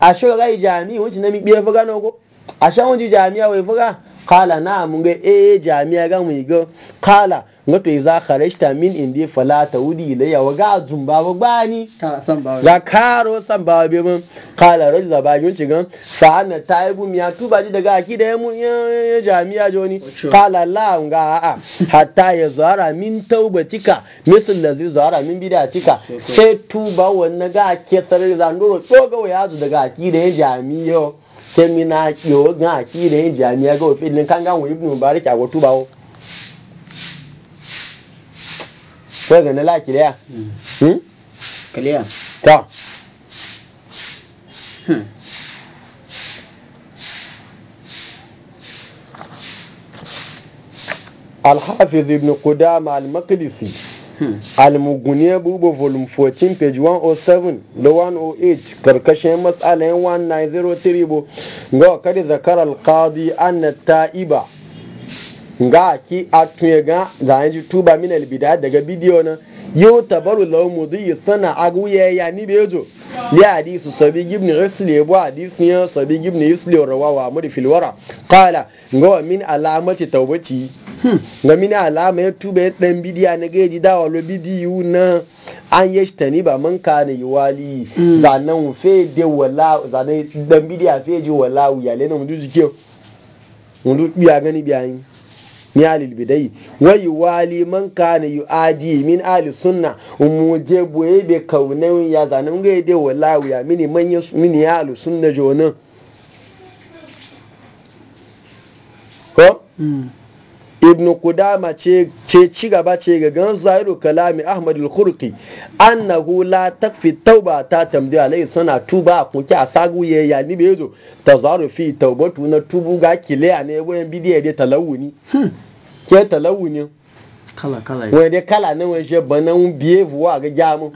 a shi gai jami'u wuce na mi biye fuga no ko Asha shan wuce jami'a wai fuga kala na mun ga eh jami'a ga mu yi ga kala za ka kharajta min indi fala ta taudi ilayya wa ga zumba ba gbani za karo san ba be mun kala rai da ba yun cigan fa ana bu miya tuba ji daga da ya mun jami'a joni kala la nga a hatta ya zara min taubatika misal zai zara min tika sai tuba wannan ga ke sarari zan doro tsoga wa yazu daga da ya jami'a sai mina yo ga da ya jami'a ga ofin kan ga wa ibnu mubarak a go wai ga na laki daya hmm? kaliya ta الحافظ ابن al المقدسي المغنية بوبو volume 14 page 107 da 108 karkashin matsalin 1903 ga kada zakar al-Qadi an ta'iba nga ki atuye ga zan ji tuba min albida daga bidiyo na yau tabaru law mudi sana aguye ya ni bejo ya hadisu sabi ibn isli bu hadisu ya sabi ibn isli rawawa muri fil wara qala nga min alamati tawbati hmm, nga min alama ya tuba dan bidiya na gaji dawa lo bidiyu na an yi tani ba man ka ne wali hmm. zanen fe de wala zanen dan bidiya fe ji wala ya na mu jike mu biya gani biya yin ni alil bidai wai wali man kana adi, min ali sunna umu je boye be kaunan ya zanen ga dai wallahi ya mini man mini ya ali sunna jona ko hmm. ibn kudama ce ci gaba ce ga gan zahiru kalami ahmad al-khurqi annahu la takfi tauba ta tamdi alai sana tuba kun ki asagu ye ya ni bezo tazaru fi taubatu na tubu ga kile ne wayan bidiye da talawuni hmm, ke talawuni kala kala wai dai kala ne wai je banan biye buwa ga jamu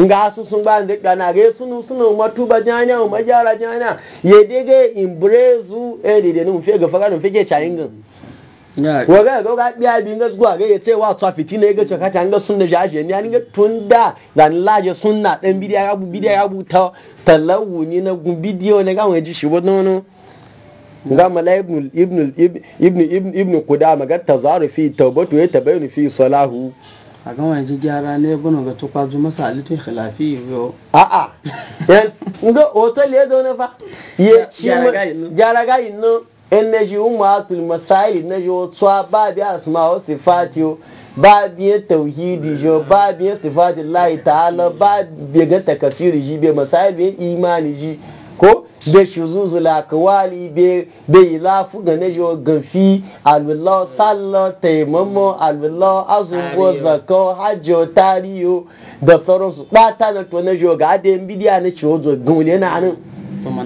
nga su sun ba da kana ga sunu sunu tuba janya ma jara janya ye dege imbrezu e eh, de de nu fe ga faga nu fe ke chaingan Wa ga ga biya bi ga zuwa ga yace wa tsa fitina ga ce kacha ga sunna jaje ne an ga tunda zan laje sunna dan bidiya ya bu bidiya ya bu ta talawu ni na gun bidiyo ne ga wani shi bodo no ga mala ibn ibn ibn ibn ibn qudama ga tazaru fi tawbatu ya tabayinu fi salahu a ga wani gyara ne gano ga tukwa ju masa alitun khilafi yo a a ga hotel ya zo na fa ya ci gyara ga yin no in na ji umatul masail na ji wata ba biya asma'u sifatiyo ba biya tauhidi jo ba biya sifati lahi ta'ala ba biya ga takafiri ji biya masail biya imani ji ko da shuzuzu lakawali bai yi lafu ga na jo gafi alwallah sallah taimamo alwallah azumbo zako hajjo tariyo da sauransu ba ta to na jo ga adayin bidiya na ciwo zo gumule na anan to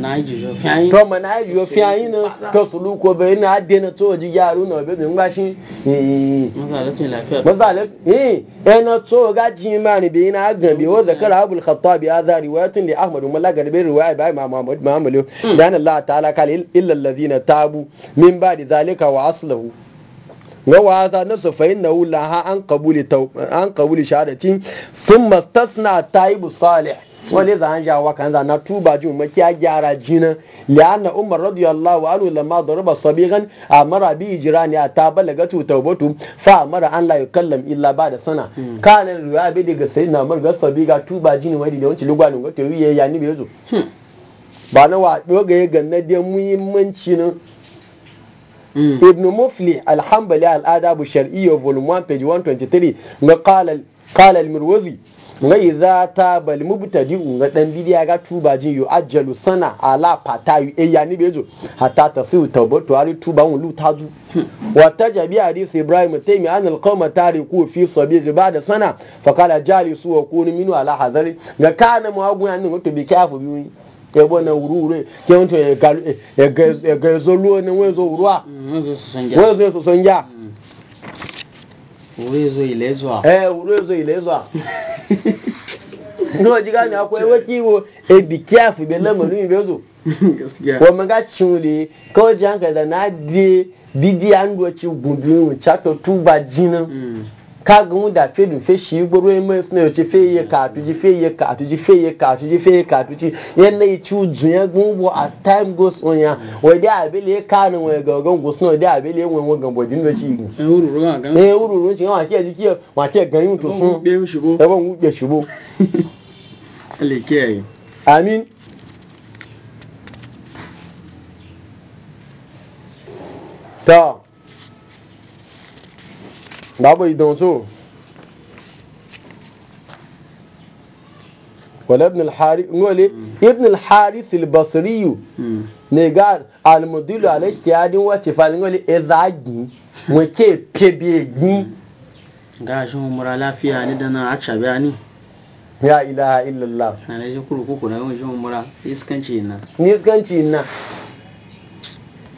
mana ajiyo fi ayin nan to sulu ko bai na adde na to ji yaro na be mun gashi mazalat eh ena to ga ji mani be na gan be wa oh, zakara mm. abul khattabi hadha riwayatun li ahmad wa lagan be riwaya bai ma muhammad muhammad dan allah ta'ala kala illa na tabu min ba'di zalika wa aslahu wa za nafsu fa innahu laha an qabuli an qabuli shahadatin thumma istasna taibu salih wani zan ja wa kan na tuba ji umma kiya gyara jina lianna umar radiyallahu anhu lamma daraba sabiran amara bi jirani a ata balagatu taubatu fa amara an la yukallam illa ba da sana hmm. kana ruwa bi daga sayyidina umar ga sabiga tuba jini wadi da wancin ga wato yiye ya ni bezo hmm. ba na wa dogaye ganna da muhimmanci nan hmm. ibn mufli alhambali bu shar'iyya volume 1 page 123 ga qala qala al-mirwazi ngai za ta bal mubtadi ga dan bidiya ga tuba jin yu ajjalu sana ala fata yu e yani bejo hatta tasiru to ali tuba wulu taju hmm. wa tajabi hadis ibrahim taimi an al qawma tariku fi sabig ba'da sana fa qala jalisu wa kunu minu ala hazari ga kana agun an to be kafu biyu ke bona urure ke to ya ga e ga zo lu ne wezo urwa hmm, wezo so sanja uwezo ilezwa eh akwai waki wo e bi careful be lamu ni be zo gaskiya cin manga chuli ko janga da na di bidi an do gudu chato tuba jinan Ka mu da fe fe shi gboro eme suna yoce fe ye ka atuji fe ye ka ji, fe ye ka atuji fe ye ka atuji yan na ichi uju ya gun bo as time goes on ya we da abele ka ni we ga ogun go suna da abele we won gan bo din lo chi e ururu e wa gan e ururu chi wa ki ji ki wa ki gan yun to fun be shubo e won e gbe shubo e le ke ayi amin to babu idon so wala ibn al hari ngole hmm. ibn al hari al-basri hmm. ne ga al-mudilu hmm. al-ijtihadin wa tifal ngole ezagi mu ke pebe gi ga shi mura lafiya ne da na acha ni ya ilaha illallah na ji kuku na yawan shi mura iskanci na ni iskanci na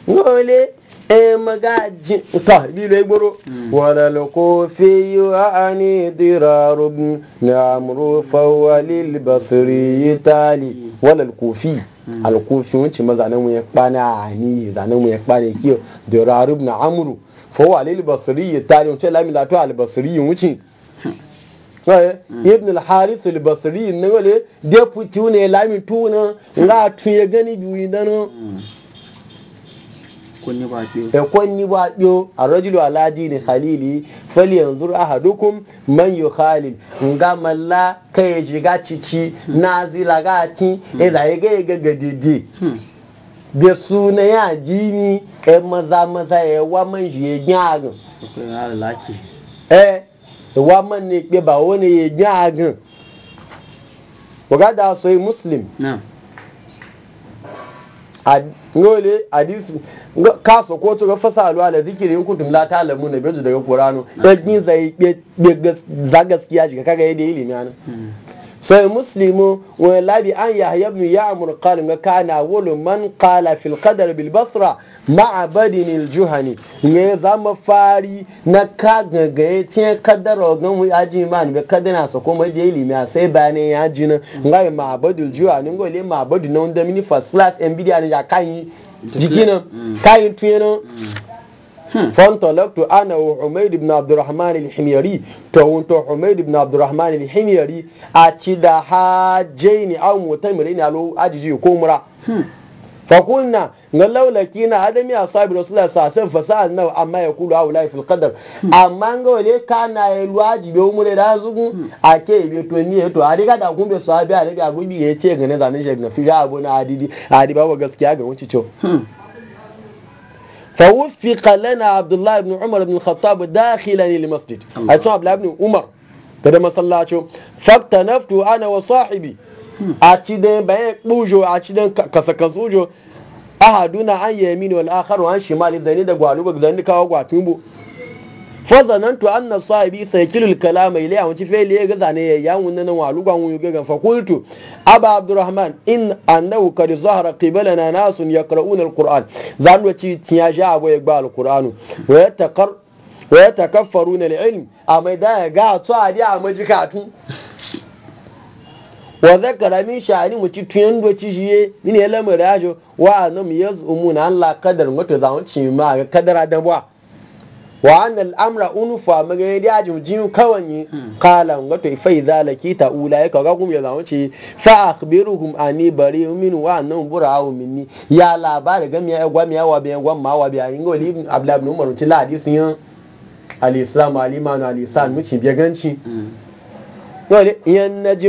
ngole magaji ta bilo igboro hmm. wala lokofi na alkofi ma mu ya ni mu ya kiyo na amuru albasiri hmm. eh, hmm. ibn al-haris al-basri ne wale nga ya gani biyu ekonni ba biyo eh, a rajulu aladi ne khalili fali yanzu ahadukum man yu khalil nga malla kai shiga cici hmm. nazila ga ci e hmm. da ga ga gadidi hmm. bi suna ya jini e maza maza ya wa man je gyagan eh wa man ne pe ba wani ya gyagan wa ga da soyi muslim na'am ngole hadisi kaso ko to ga salu ala zikiri in kuntum la talamu na bezu daga Qur'anu, ya gin zai be ga gaskiya shiga kaga yadda ilimi anan hmm. sai muslimu wani labi an yahya ibn ya'mur qala ma kana wulu man kala fil qadar bil basra ma'a badin al juhani ne zama fari na ka gagaye tiyan kadar ogan ya ji imani be kadana so ko mai daily a sai bane ya ji nan ngai ma badul juhani ngole ma badu na wanda mini first class ne ya kai dikinan mm. kai tuyenan mm. fantalaktu ana wa umaid ibn a ci da hajjaini aw mutamir ina lo ajiji ko mura fakulna ga laulaki na adami a sabi rasulullah sasai fasa na amma ya kudu hau laifin kadar amma ga wale ka na yi luwaji bai umure da zugu a ke yi beto ni eto a riga da gumbe sabi a riga gumbi ya ce gane zanen shi na fi ya abu na adidi a adiba wa gaskiya ga wuce cewa fawufi kalla na abdullahi ibn umar ibn khattab da khila ne limasjid a cikin abdullahi ibn umar da da masallaci fakta naftu ana wa sahibi a ci da a ci da kasakasujo a haɗu an yi yamini wani akarwa an shi ma ne zane da gwanubu zane da kawo gwatubu fazanantu anna sahibi saykilu kalama ilay an ci fele ga zane ya wannan nan walu gwan wuyu ga fa qultu aba abdurrahman in annahu qad zahara qibalana nasun yaqra'una alquran zan ci tiya ja abo ya gba alquranu wa yataqar wa yatakaffaruna alilm amai da ga to adi a majikatu wa zakara min sha'ani mu ci tuyan doci shi ya lamar yajo wa anam yazumuna Allah qadar mutu zan ci ma ga kadara da ba wa anna al'amra unufa magana da ajin jin kawanye kala ga to fa idza lakita ulai ka ga kum ya zawo ce fa ani bari min wa annahum bura'u minni ya labari ga miya gwa miya wa biya gwa ma wa biya ingo li abla ibn umar ci hadisin yan al-islam al-iman al-isan muci biya ganci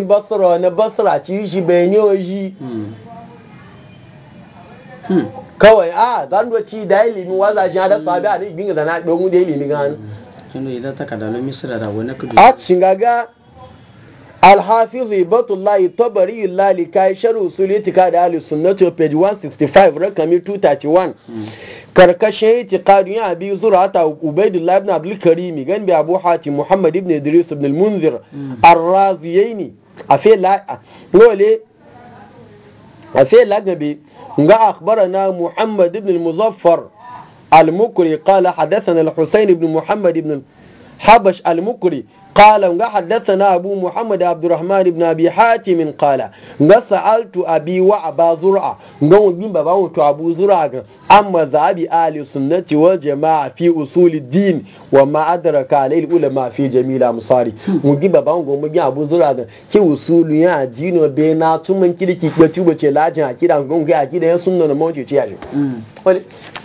basra na basra ci shi o shi kawai a zan doci da ilimi waza shi da sabi a rigin da na ɗan da limi gani kinu idan ta kada na misira da wani kudu a shingaga alhafiz ibatullahi tabari lali kai sharu sulitika da ahli sunnati page 165 rakami 231 mm. karkashin itiqadu ya abi zurata ubaidullah ibn abdul karimi gan bi abu hatim muhammad ibn idris ibn al-munzir mm. ar-raziyaini afe la wole nga akhbarana Muhammad ibn al-Muzaffar al-Mukri qala hadathana al-Husayn ibn Muhammad ibn حبش المكري قال حدثنا أبو محمد عبد الرحمن بن أبي حاتم قال سألت أبي وعبا زرعة نقول بين بابا أبو زرعة أما ذهب أهل السنة والجماعة في أصول الدين وما أدرك عليه العلماء في جميل مصاري نقول بابا نقول بين أبو زرعة كي أصول يا دين بينا ثم كي كي كتب تلاجن أكيد أن قوم كي أكيد يسون نموت يتياجو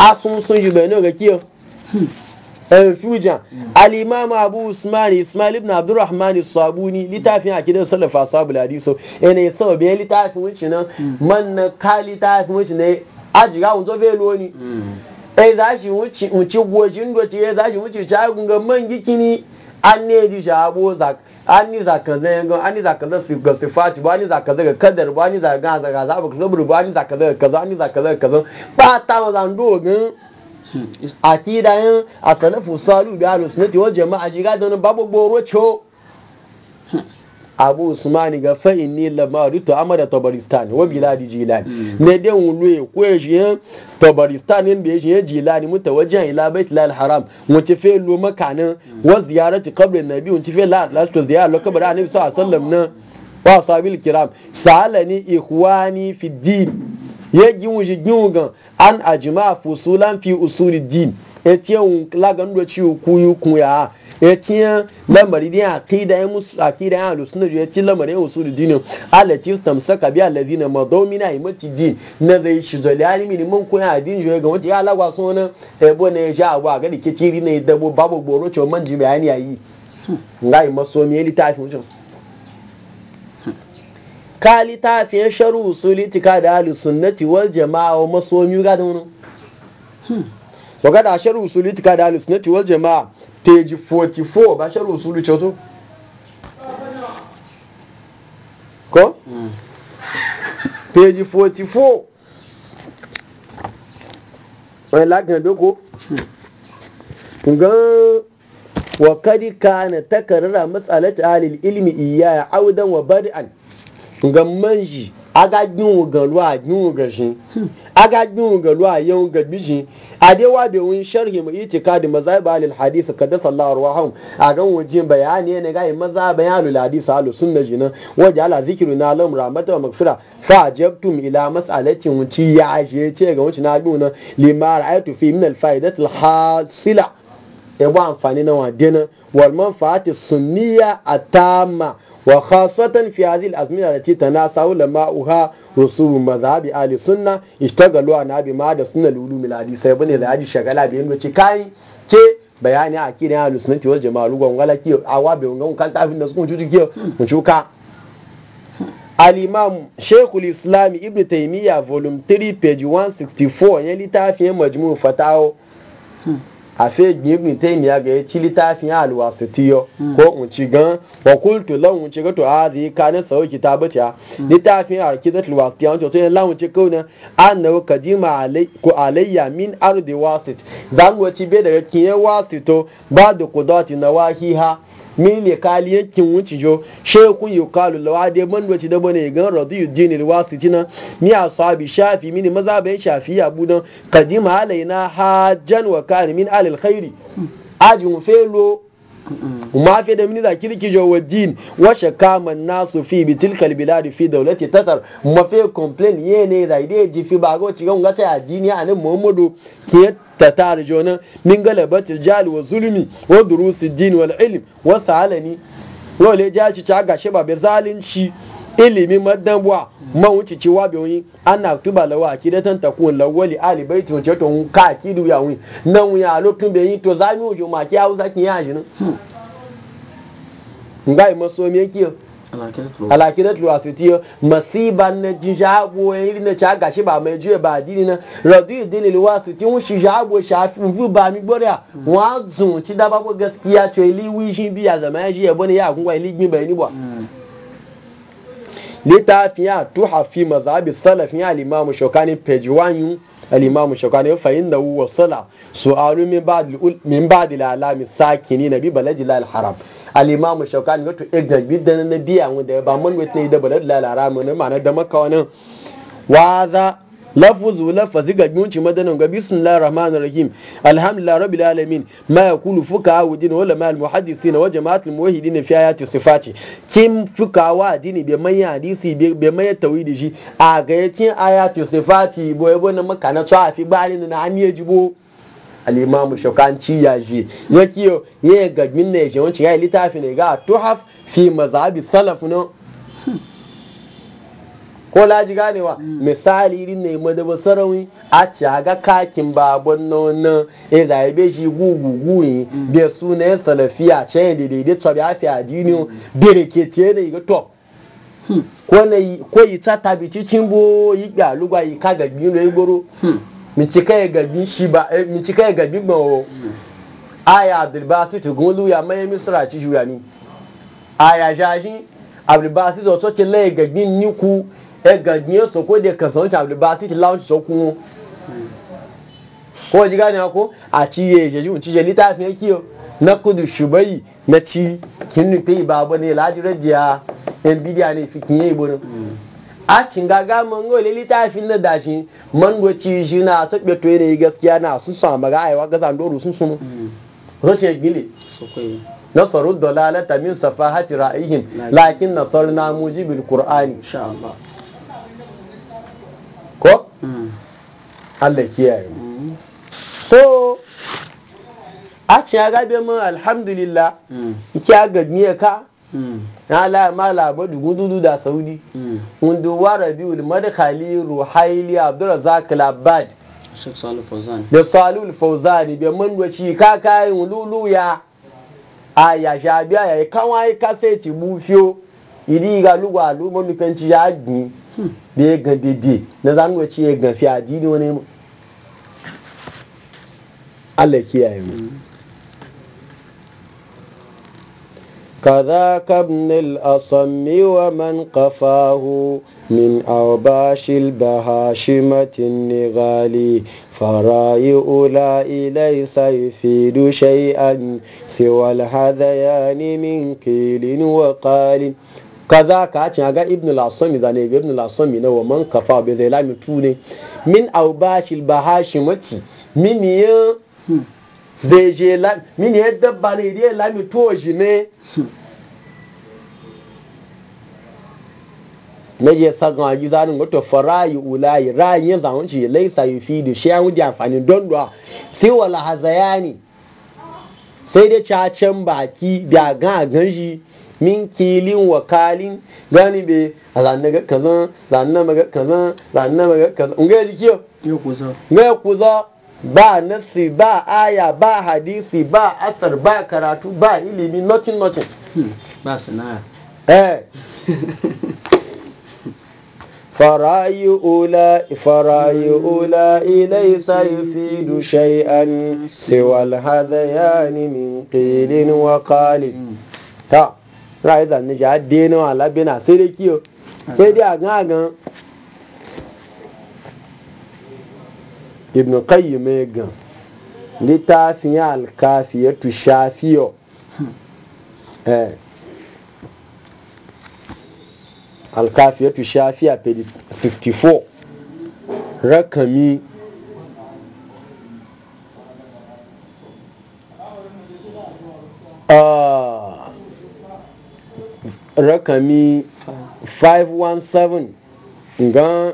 أصلا سنجبنا كي Eh, fujan al abu usman ismail ibn abdurrahman sabuni litafin akidan salafa sabu ladiso ene so be littafin wuce nan hmm. man na ka littafin wuce ne ajiga zo loni za shi wuce gojin doce za shi wuce man gikini an ne di abu zak an ni zaka zai an ni zaka zai ga sifati ba ni zaka ga kadar ba ni zaka ga zaka zaba zaka zai kaza ni zaka zai kaza ba ta wa dogon akida yin asalafu salu bi ahlus sunnati wal jama'a ji ga don babu gboro cho abu Usman ga fa inni lamma rutu amara tabaristan wa biladi jilani ne hmm. den wulu ko ejiye tabaristan ne be ejiye jilani mutawajjihan ila baitul haram wace fe lo makanin hmm. wa ziyarati qabrin nabi wace fe la la to ziyara lo kabara annabi sallallahu alaihi wasallam na wa sahabil kiram salani ikhwani fi din ya giwu ji giwu gan an ajima fusulan fi usuli din e ya tiyan e lagan da ciwo kuyu kuya ya tiyan lamari din aqida ya e musu aqida ya alu sunna ya tiyan lamari ya usuli din alati istamsaka bi alladhina madawmina imati din na zai shi zalali min mun kuya din jo ga wata ya lagwa sunan e bo ya ja wa ga dike ciri ne dabo babu boro ce man ji bayani yayi hmm. ngai maso mi litafi mutum ka littafin sharu usuli tika da ahli sunnati wal jama'a wa masomi ga da wani hmm. wa ga da sharu usuli tika da ahli sunnati wal jama'a page 44 ba sharu usuli to ko hmm. page 44 wani lagan doko gan wa kadi kana takarara matsalar alil ilmi iyaya audan wa bari'an nga manji aga gbinwo gan lo a gbinwo gan shi aga gan lo a yawon gan ade adewa bai wun sharhi mu itika mazhab alil hadis kada sallallahu arwahum a gan waje bayani ne ga maza bayanu al alu sunna jinan waje ala zikru na lam rahmatu wa magfira fa ajabtum ila mas'alatin wuci ya je ce ga wuci na duna lima aitu fi min al fa'idat al hasila e ba amfani na wa dena wal manfaati sunniya atama wa khasatan fi hadhihi al-azmina allati tanasahu lama'uha usul madhhabi ahli sunna ishtagalu an abi ma da suna ulum al-hadith sai bane da haji shagala bayan wace kai ke bayani a kidan ahli sunnati wal jama'a lugon wala ki awa be ngon kan tafin da ibn 3 page 164 yan litafin majmu' fatawa a fe gbin taimiya ga ya ci littafin alwasitiyo hmm. ko unci gan wa kultu lan unci ga to hadi kana a kitabatiya hmm. littafin akidat alwasitiya to sai lan unci kauna annahu kadima alai ku alayya min ardi wasit zan wuci be daga kiyen wasito ba da kudati ha. min ne kaliyan kin wuce jo yi yukalu lawa dai man wace da bane gan radiyu dinil Miya ni asabi shafi mini maza bayan shafi abu budan kadima alaina hajjan wa kana min alil khairi hmm. ajin felo ma fi da mini da kirki jawajin washe kaman nasu fi bitil kalbila da fi daulati tatar ma fi complain ye ne da ide ji fi bago cikin gata a a nan muhammadu ke ta tare jona min gala batil wa zulumi wa durusi din wal ilm wasalani sa'alani rola ya ci ci gashe ba bai zalunci ilimi madanbuwa mawuci cici wa biyoyi ana tuba lawa akidatan taku lawali ali tun wace to ka akidu ya wi nan wi a lokun be yi to mu ju ma ki hausa ki hmm. ya jinin ngai maso me kiyo alakidat lu asitiyo masiba na jijabu eri na chaga shi ba mai juye ba dini na radu dini lu asiti un shijabu shafi vu ba mi gbori a hmm. wa zun ci daba ko gaskiya to ili wi shi bi ya zama ya ji ebo ya kun wa ili gbin ba ni bo littafin ya tuha fi mazhabi salafin ya al-imam page 1 al-imam shawkani fa inna huwa sala su'alu min ba'd min ba'd al-alami sakini nabi baladi al-haram al-imam shawkani wato igna bidan na biya wanda ba man wata da baladi al-haram ne ma'ana da makka wannan wa za lafuzu lafazi ga yunci madanan ga bismillahir rahmanir rahim alhamdulillah rabbil alamin ma yaqulu fuqaha wa din wala mal muhaddisin wa jama'atul muwahhidin fi ayati sifati kim fuqaha dini be manya hadisi be manya tawhidi shi a ga yacin ayati sifati bo yabo na makana to afi bari na an yajibo al-imam shokanci ya je yake ya ga minne je wanci ya littafi ne ga tuhaf fi mazhabi salaf hmm. ko laji ganewa mm. misali irin ne madaba sarawi a ci ga kakin babon nonon e zaibe shi guguguyi mm. bai suna ya salafiya can ya daidai to bi afi adini mm. bere ke tiye ne ga to hmm. ko yi ta tabi cikin bo yi ga lugwa yi ka gabi ne goro hmm. mincika ya gabi shi ba eh, mincika ya gabi gbawo hmm. aya abdulbasit golu ya mai misra ci juya ni aya jaji abdulbasit otoke lai gabi niku ga ẹgàn gbìyànjú ko de kẹsàn-án tàbí bá títí láwùjọ sọkún wọn ko ji gane ko a ci ye je jun ci je litafin yake na kudu shubai na ci kin nufi babu ne lajirar jiya yan bidiya fi kin yi burin a cin gaga man go le litafin na dashi man go ci shi na tabe to ne gaskiya na sun samu ga aiwa ga san doru sun sumu so ce gile nasaru dalalata min safahati ra'ihim lakin nasarna mujibil qur'ani insha Allah Allah kiyaye mu so a ci ya gabe mun alhamdulillah mm. ki ga ka mm. na Allah ma la ba da saudi mm. mun wara biyu da madakali ruhaili abdurrazzaq labad da salul fauzani bai mun wace ka kayan ya. a ya sha biya ya kawai kaseti bufiyo idi ga lugwa lu manukanci ya gbin bai ga dede na zanu wace ya gafi addini wani mu Allah kiyaye mu كذاك ابن الأصم ومن قفاه من أوباش البهاشمة النغالي فرايء لا ليس يفيد شيئا سوى الهذيان من قيل وقال kaza ka a ga ibn al-asami da ne ibn al-asami na wa man kafa bai zai lami tune min aubashil bahashimati min ya zai je min ya dabba ne ya lami toji ne na je sagan a gizanin wato farayi ulayi rayin yin zaun ce laisa yi fi da shi ya amfani don duwa sai wala hazayani sai dai cacen baki da gan a gan shi min kilin wa kalin gani be zanna ga kazan zanna maga kazan zanna maga kazan unga ya kiyo ne kuza ne kuza ba nasi, ba aya ba hadisi ba asar ba karatu ba ilimi nothing nothing hmm, ba sana'a eh فرأي أولى فرأي أولى ليس يفيد شيئا سوى الهذيان من قيل وقال تا ra'ayi zanne shi hadde na wala bina oh. sai dai kiyo sede dai mm-hmm. a gan a gan ibn qayyim ya eh, gan littafin alkafiyatu shafiyo eh alkafiyatu shafiya 64 rakami rakami 517 gan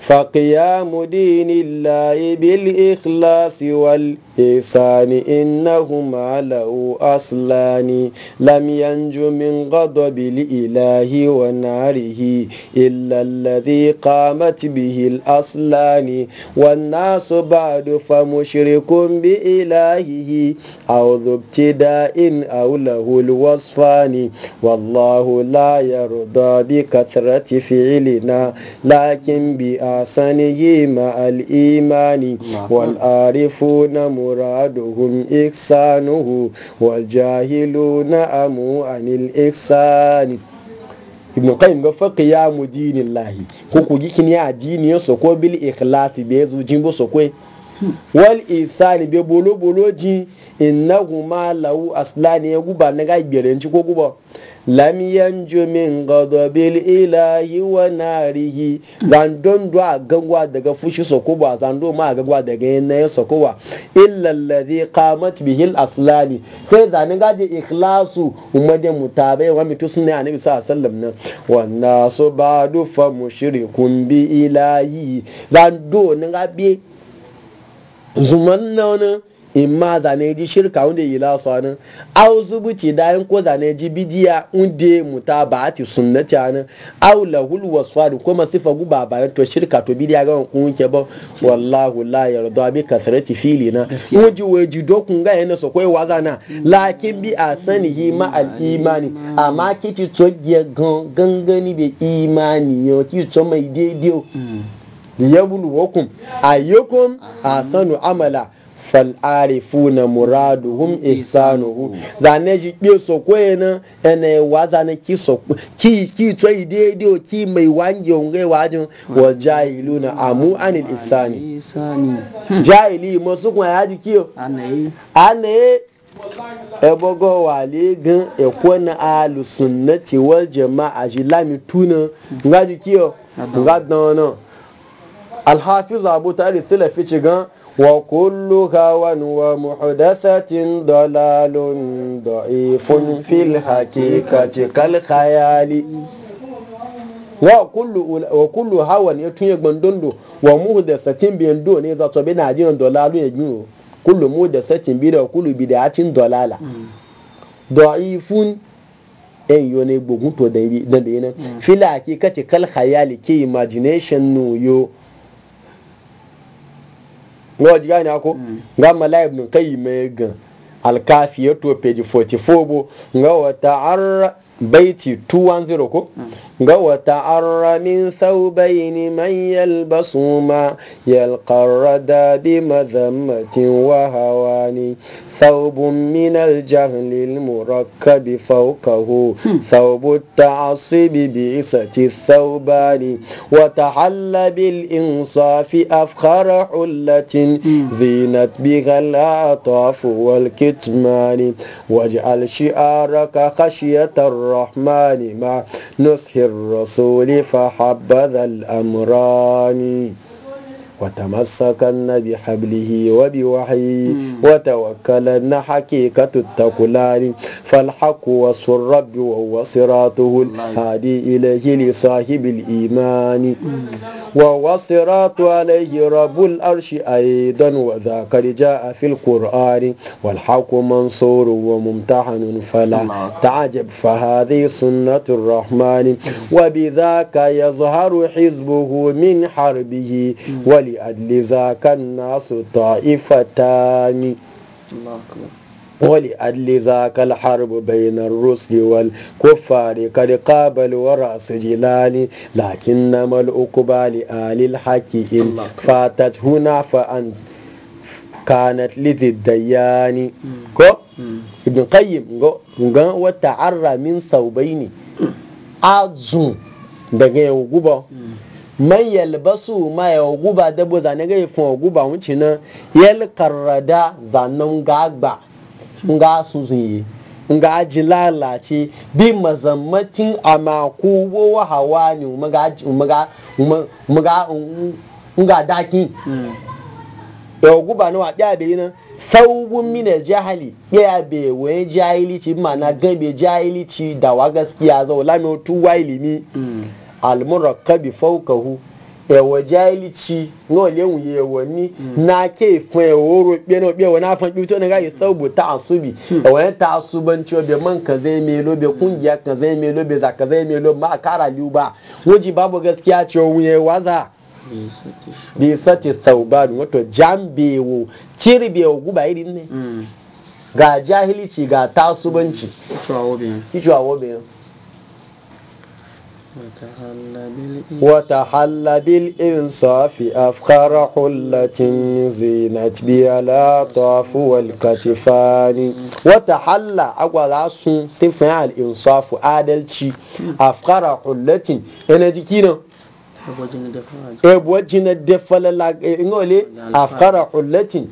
faƙiya mudinillahi bil ikhlasi wal إحسان إنهما له أصلان لم ينج من غضب الإله وناره إلا الذي قامت به الأصلان والناس بعد فمشرك بإلهه أو ذو ابتداء أو له الوصفان والله لا يرضى بكثرة فعلنا لكن بأحسنه مع الإيمان والعارفون muraduhum ihsanuhu wal jahiluna amu anil ihsani ibn qayyim ga fa qiyamu dinillahi ko ku gi kini addini yaso ko bil ikhlasi be zujin bo so ko wal isani be bolo bolo ji innahu ma lahu aslani ya guba na ga gbere ko guba lam yanju min ghadabil ilahi wa narihi zandon do gangwa daga fushi sokoba zando ma gangwa daga yanayin sokoba illa alladhi qamat bihi al-aslani sai zanin gaji ikhlasu umade mutabai wa mitu sunna annabi sallallahu alaihi wasallam nan wa nasu badu fa mushrikun bi ilahi zando nan bi zuman nan in ma zane ji shirka wanda yi lasu nan au zubuti dayan ko zane ji bidiya unde muta ba ati sunnati nan au lahul wasfar kuma sifa guba bayan to shirka to bidiya ga kun ke ba wallahu la yarda bi kathrati na uji waji dokun ga yana so koi wazana lakin bi asanihi ma al imani amma kiti to gangani be imani yo ki to mai daidai hukum mm. ayyukum asanu amala fal'arifu na muraduhum mm-hmm. ihsanuhu zane shi ɓe sokoye na yana wa zane ki soko ki ki tsoyi daidai ki mai wange wange wajin wa mm-hmm. jahilu na amu anil ihsani hmm. jahili masu kuma ya ji kiyo anaye ebogo le gan ekwo na alusunnati wal jama'a ji lami tuna mm-hmm. nga ji kiyo nga dan na alhafiz abu talib salafi ci gan وكل هوى ومحدثة ضلال ضعيف في الحقيقة كالخيال وكل هوى يتوني غندوندو ومحدثة دون نيزا تبين عجين ضلال يجنو كل محدثة بيدا وكل بدعة ضلالة ضعيف en yo ne gbogun to da yi nan fila hakikati kal khayali ke imagination no yo Mm. ga wajen gane ko ga mala ibn kai mai gan alkafiyatu page 44 bo ga wata arra baiti 210 ko mm. ga wata arra min thawbayn man yalbasuma yalqarrada bi madhammatin wa hawani ثوب من الجهل المركب فوقه ثوب التعصب بئسة الثوبان وتحل بالإنصاف أفخر حلة زينت بها الأعطاف والكتاب الكتمان واجعل شعارك خشية الرحمن مع نصح الرسول فحبذا الأمران وتمسكن بحبله وبوحيه وتوكلن حقيقة التقلان فالحق وصف الرب وهو صراطه الهادي إليه لصاحب الإيمان وهو صراط عليه رب الأرش أيضا وذاك جاء في القرآن والحق منصور وممتحن فلا تعجب فهذه سنة الرحمن وبذاك يظهر حزبه من حربه wali adliza kan nasu ta'ifata ni wali adliza kal harbu bayanan rusli wal kufari kadi kabali wa rasu jilani lakin na mal'uku ba ni alil haki in fatat huna fa'an kanat lidid da ya ni ko? Hmm. ibn kayyib ko? wata arra min saubai ne hmm. a zuwa daga yau guba hmm. man su ma ya guba dabo zane ga fun guba wuce nan yal karrada zanan gagba nga su yi nga ji lalace bi mazammatin maku wa hawa ne umaga nga daki ya guba na wadiya bai na saubun mina jahali ya be wani jahilici mana gabe jahilici da wa gaskiya zau lami tuwa ilimi almurakabi fawqahu ewa jáìlìchi náà léwu yẹ ẹ̀wọ̀ ní nàáké fún ẹ̀wọ̀ oró pé náà pé ẹ̀wọ̀ náà fún tó yi káyọ̀ ta asubi. a sùbì ẹ̀wọ̀ yẹn tá a sùbọ̀ ní tí o bẹ̀ mọ̀ nǹkan kúndìyà kan zẹ́ mi ló bẹ̀ liu ba wọ́n jí gaskiya tí ohun yẹn wá zà. bí sọ́ọ̀tì sàwùbáàdù wọ́n tọ̀ jáǹbẹ̀wò tírìbẹ̀ ògùn báyìí ga jahilci ga tasubanci kicuwa wobe وتحل بالإنصاف أفخر حلة زينت بها لا طاف والكتفان وتحل أقوى العصم سنفع الإنصاف شي أفخر حلة أنا جكينا ebwajin defal la ngole afkara hullatin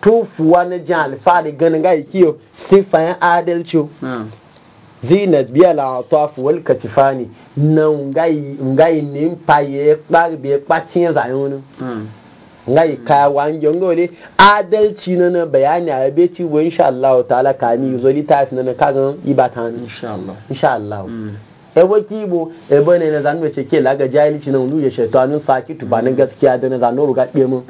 tufuwa na jan alfari ganin ga ikiyo sifayen adalci zinat biya la tɔfu wali katifani na ngai ngai ni npa ye kpa bi kpa tiɲɛ zayɔn no hmm. ngai ka wanjɔ nga wale adalci na na bayani a bɛ ci wa insha Allah ta'ala ka ni hmm. zoli ta fi na na ka gan ibatan insha Allah insha Allah hmm. ewa bo, ebe ne na zanu ce ke laga jahilci na ulu ya shaitanun saki tubanin gaskiya da na zanu ruga ɗe mu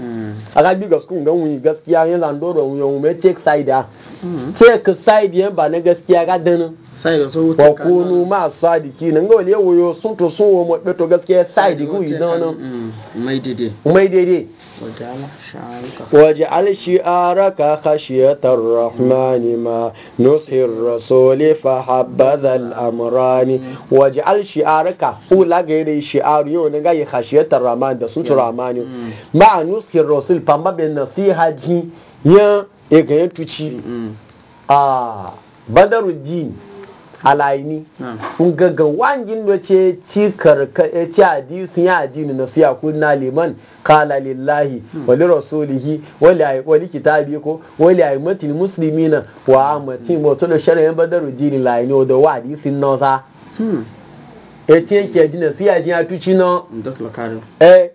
a ga bi gaskun ga wuyi gaskiya yan zanu da wuyi wume take side ya mm. take side yan ba na gaskiya ga dana wa kunu ma sadiki nan ga wale wuyo sun to sun wo mu gaskiya side gu yi nan mai mai واجعل شعارك خشية الرحمن ما نصح الرسول فحبذ الأمران واجعل شعارك أولا غير شعار يونغا خشية الرحمن دا سنت الرحمن ما نصح الرسول فما بالنصيحة جي يا إغيان تشي آه بدر الدين alayini kun hmm. gaga wangin da ce ci karka eh, ci hadisi ya addini na siya kunna liman kala lillahi hmm. wali rasulihi wali li wa li kitabi ko wa li aymatil muslimina wa amati mo hmm. to da shari'a badaru dini layini da wa hadisi nosa eh, e ti yake ji siya ji tuci no eh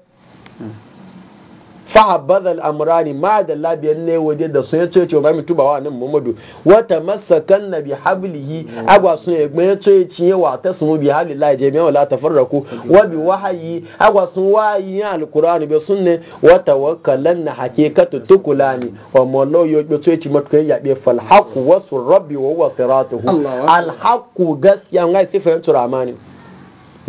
fahabbadal al-amrani ma da labiyan ne waje da sun yace ce ba mi tuba wa nan Muhammadu wa tamassakan nabi hablihi agwa sun gbe yace ce ya wa tasmu bi hablillahi jami'a wala tafarraku wa bi wahayi agwa sun wayi ya al bi sunne wa tawakkalanna hakikatu tukulani wa mallo yo gbe to yace matukan ya bi fal haqu wasu rabbi wa huwa siratuhu al haqu gaskiya ngai sifan turamani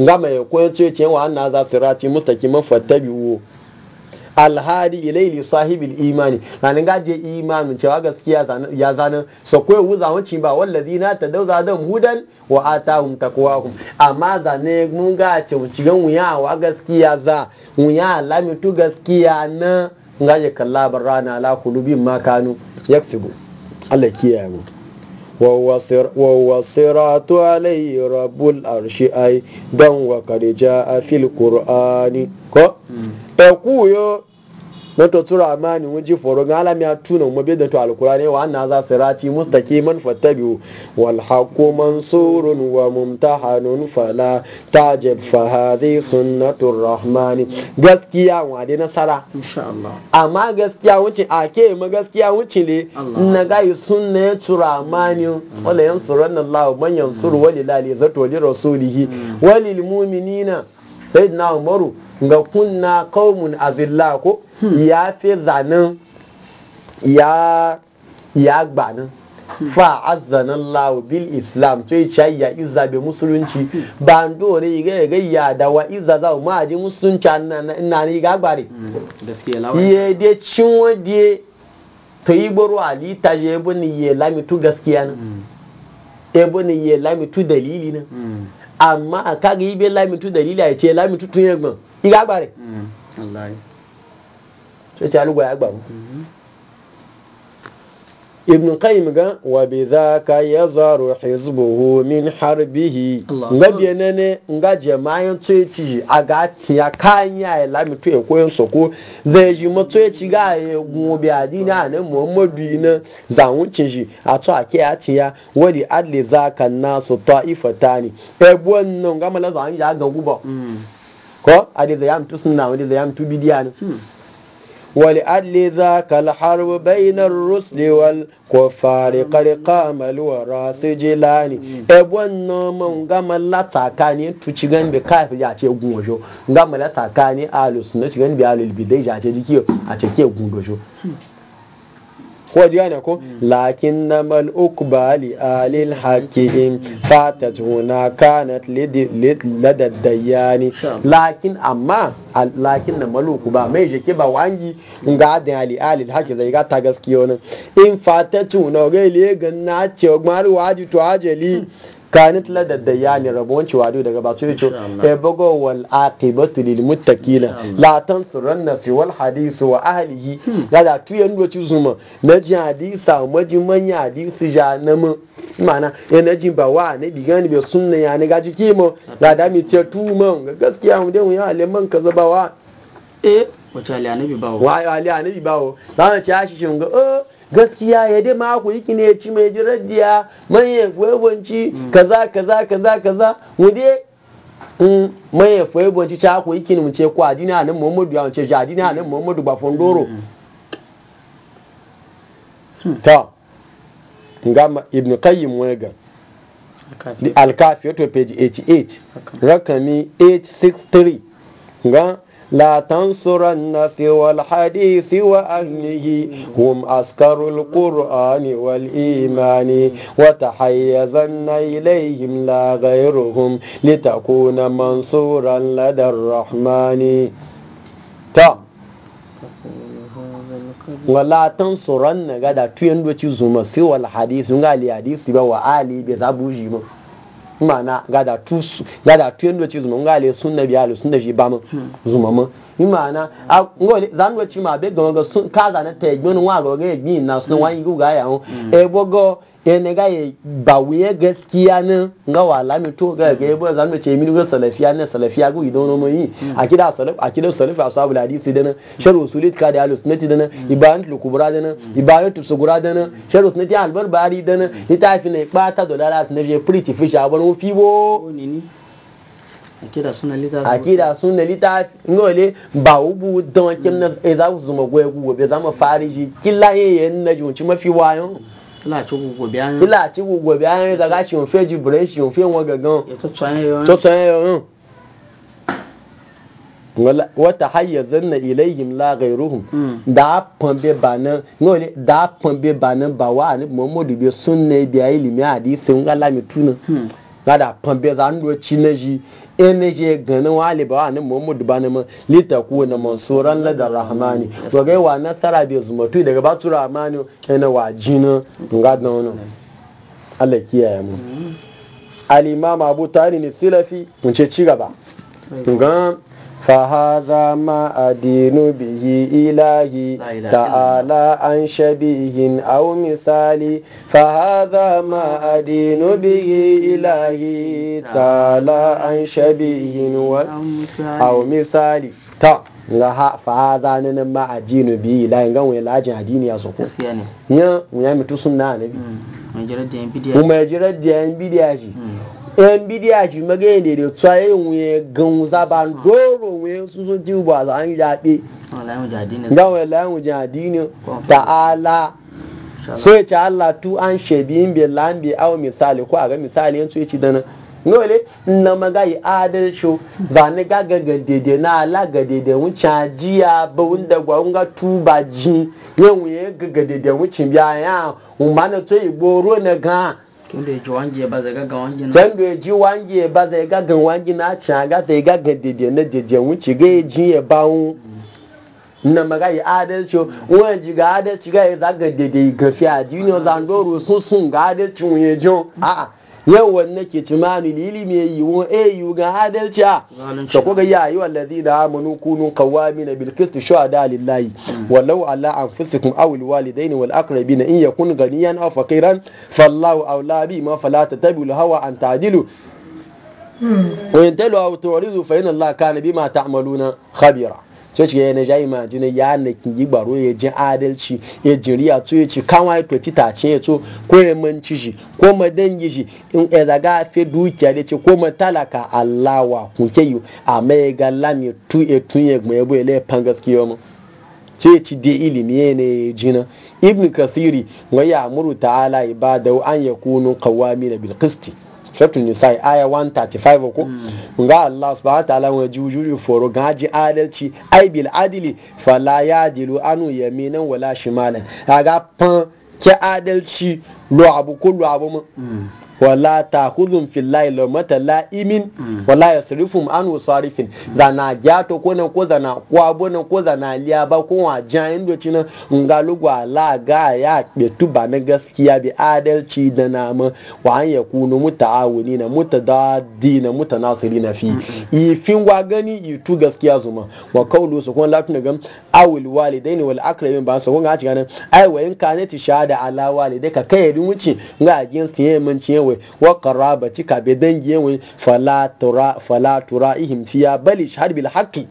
ngama ya koyo ce ce wa za sirati mustaqiman fattabi'u alhadi ilaili sahibil imani ga je imanin cewa gaskiya ya zana so ko yau zawancin ba wallazi na ta dauza dan hudan wa atahum taqwahum amma zane mun ga ce mu cigan wa gaskiya za wuya lamitu gaskiya na gaje kallabar rana la kulubin kanu yaksibu Allah kiyaye mu وهو الصراط عليه رب العرش أيضا وقد fil qur'ani ko? Hmm. ekuyo na to tura amani wuji foro ga alam ya tuna mu bi da to alqur'ani wa anna za sirati mustaqiman fattabi'u wal haqqu mansurun wa mumtahanun fala tajid fa hadhi sunnatur rahman gaskiya wa nasara amma gaskiya wuce ake ma gaskiya wuce ne na gayi yi sunna tura amani mm. wala yansurun Allah man yansuru mm. walilali zato li rasulihi mm. walil mu'minina sayyidina umaru ga kunna qaumun azilla ko hmm. ya fi zanen ya ya gbanin hmm. fa azzana bil islam to yi ya iza be musulunci hmm. ba n dore ga ga ya da wa iza za ma ji musulunci a nana ni ga gbari gaskiya lawa de cinwo de ta yi gboro alita ya ebe ni ya lami tu gaskiya na ebe ni ya lami tu dalili na amma a ga yi be lami tu dalili a ce lami tu tun yegban yìí gbàgbà rẹ̀ tó mm, ti alúgbà yà gbàgbà mm-hmm. ibn qayyim ga wa bi dhaka yazaru hizbuhu min harbihi nga bienene nga jama'in tsoyici aga tiya kanya ya e lami to ekoyin e soko zai ji ma tsoyici ga ya e, gobe adina ne muhammadu na zawuncin a to ake ya ko adi zai amtu suna wani zai amtu bidiya ne wali adli za kal harbu bainar rusli wal kofari karika hmm. maluwa rasu jilani hmm. ebon noman gama lataka ne tu ci gan bi kafin ya ce gun wajo gama lataka ne alus na ci gan bi alul bidai ya ce jikiyo a ce ke gun wajo ko diyana mm. ko lakin na mal'uk bali alil hakim fatat huna kanat ladaddayani lakin amma lakin na mal'uk ba mai jike ba wangi ga adin ali alil hakim zai gata gaskiya wani in fatat huna ga ile ga na ce gwamnati waji to ajali mm. kanit la da yani rabuwan cewa daga ba su yato ya bago wal aqibatu lil muttaqina la tansuranna fi wal hadisu wa ahlihi gada tuyan doci zuma na ji hadisa maji manya hadisi ja na mu mana ina na ji ba wa ne diga ni be sunna ya ne gaji kimo da da mi ce tu man gaskiya mu dai mu ya leman kaza ba wa eh wace ali anabi bawo wa ali anabi bawo da na ci shi shi ga eh gaskiya ya dai ma ku yiki ne ci mai jiradiya manyan fuebonci kaza kaza kaza kaza mu dai mm, manyan fuebonci ca ku yiki ne mu ce kwa dina nan muhammadu ya mu ce jadina nan muhammadu ba fondoro mm. ta gama ibn qayyim wega alkafi to page 88 rakami 863 ga لا تنصر الناس والحديث وأهله هم أسكر القرآن والإيمان وتحيزن إليهم لا غيرهم لتكون منصورا لدى الرحمن تا wala tan tsoron na gada tuyen doci zuma sai wal hadisi ga ali hadisi ba wa ali bai zabuji ba mana gada tu gada tu yendo zuma ngale sunna biya le sunna ji ba mu hmm. zuma mu imana a ngole zan wa ma be gonga sun kaza na te gbonu wa goga e na sun hmm. wa yi guga ya ho hmm. e yana ga ya ba wuya gaskiya nan ga wala mi to ga ga yabo zan ce min ga salafiya nan salafiya go idan no yi hmm. a kida salaf a kida salaf ashabul hadisi da nan shar usulit ka da alus nati da nan hmm. ibanat lukubra da nan hmm. ibanat sugura da nan shar usnati albal bari da nan ita fi ne ta bata fi na je pretty fish abun fibo akida suna litafi akida suna lita ngole ba ubu don kimna ezawu zuma gwe gwe be zama fariji killa yayin na junci mafi wayon fúlà tí gbogbo ẹ̀bí arin gàgà ṣì ń fẹ́ ju bùrẹ́ ṣì ń fẹ́ wọn gangan tó tọ́ ẹ̀ yọrùn. wata hayya zanna ilayhim la ghayruhum hmm. da pambe banan no ne da pambe banan ba be sunna bi ilimi hadisi ngalami tuna hmm. ga da ene je ganin wali ba nan Muhammad ba nan lita ku na mansuran la da rahmani to ga wa nasara bi zumatu daga batu rahmani ene wa jina ga da wannan Allah kiyaye mu al-imam Abu Tari ne silafi mun ce ci gaba ga فهذا ما أدين به إلهي تعالى عن شبيه أو مثال فهذا ما أدين ma addinu bi la ngan wani lajin addini ya soko gaskiya ne ya mu ya mutu sunna annabi mun jirar da yan bidiya mun jirar yan bidiya shi magayin da tsaye wuye gan zaba doro wuye su sun ci ba za a yi daɗe ga wani layan wujen adini ta'ala so ya ce Allah tu an in bi lambi awon misali ko a ga misali yanzu ya ci dana nole na magayi adalci ni gaga ga dede na ala ga dede wuce jiya ba wunda gwa wunga tuba ji yan wuye gaga dede wuce biya ya umarna to igboro na gan tunda ji wange ba zai gaga wange na ji wange ba zai gaga wange na can ga ya gaga dede na dede wuce ga ji ya bawo na maga yi adalci wani ji ga adalci ga ya zaga dede fiya a duniya doro sun sun ga adalci wuye jin a'a ah, ah. yawan ke ci manu lili me yiwu e ga adalci a ta kuga ya yi wallazi da amanu kunu qawami na alillahi shuhada lillahi hmm. an ala anfusikum aw alwalidaini wal na in kun ganiyan aw faqiran fallahu awla bi ma ta tatabi'u hawa an ta'dilu hmm. wa in talu aw tu'ridu fa bi allaha kana bima na khabira so ci yana jayi ma ya na ki yi baro ya jin adalci ya jiriya to ya ci kanwa ya toci tace ya to ko ya manci shi ko ma dangi shi in ya zaga fe dukiya da ce ko ma talaka allawa kunke yi a mai ga lami tu e tun ya gbe ele pan gaskiya mu ce ci de ilimi ne jina ibn kasiri wa ya muru ta'ala ibadahu an yakunu qawamina bil qisti suratul nisa'i aya 135 ko hmm. nga Allah subhanahu wa ta'ala wa jujuju foro gaji adalci ai bil adili fala dilu anu yaminan wala shimalan kaga fan ke adalci lo abu ko lo abu mu hmm. wala ta hudun fillahi lomata la'imin wala ya sarifin. an wasarifin zana jato ko nan ko zana kwabo nan ko zana liya ba ko wa jayin doci nan ngalugu ala ga ya betu ba na gaskiya bi adalci da nama wa an ya kunu muta'awuni na mutadadi na mutanasiri na fi ifin wa gani itu gaskiya zuma wa kaulu su kun latin gam awil walidain wal akrabin ba su kun ga ci ganin ai wa in kanati shahada ala walidai ka kai wuce ga against yayin mun ciye yanwe wa qarabatika be dangi yanwe fala tura fala tura ihim fiya bali shahad bil haqqi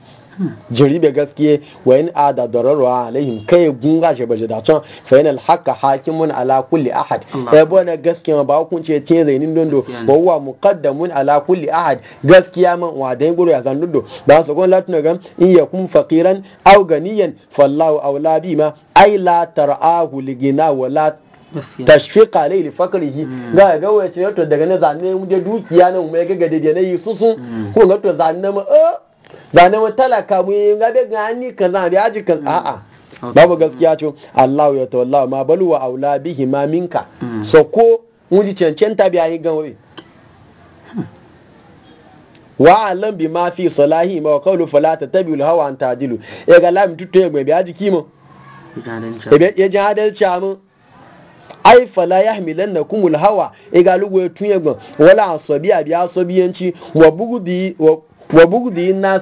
jiri be gaskiye wa in ada dararwa alaihim kai gunga shi baje da can fa haƙin alhaqa hakimun ala kulli ahad ya wani gaskiya ba kun ce tin zainin dondo wa huwa muqaddamun ala kulli ahad gaskiya man wa da guru ya zan dondo ba su gon latuna gam in yakun faqiran aw ganiyan fallahu aula bi ma ai la tar'ahu ligina wa la tashfiq alai li fakrihi mm. ga ga wace ne to daga na zanne mu da dukiya nan mu ga gade da yi susu mm. ko ga to zanne mu eh zanne mu talaka mu ga da gani kaza da aji kan a babu gaskiya ce Allah ya tawalla ma balu wa aula bihi ma minka mm. so ko mu ji ta biya yi gan wai wa alam bi ma fi salahi ma qawlu fala al hawa an tajilu e ga lam tutu e gbe biya ji kimo ya jahadalci mu ai fala kumul hawa igalugo e yegbon wala asobi abi asabiyanci wa bugudi wa wa bugdi nasu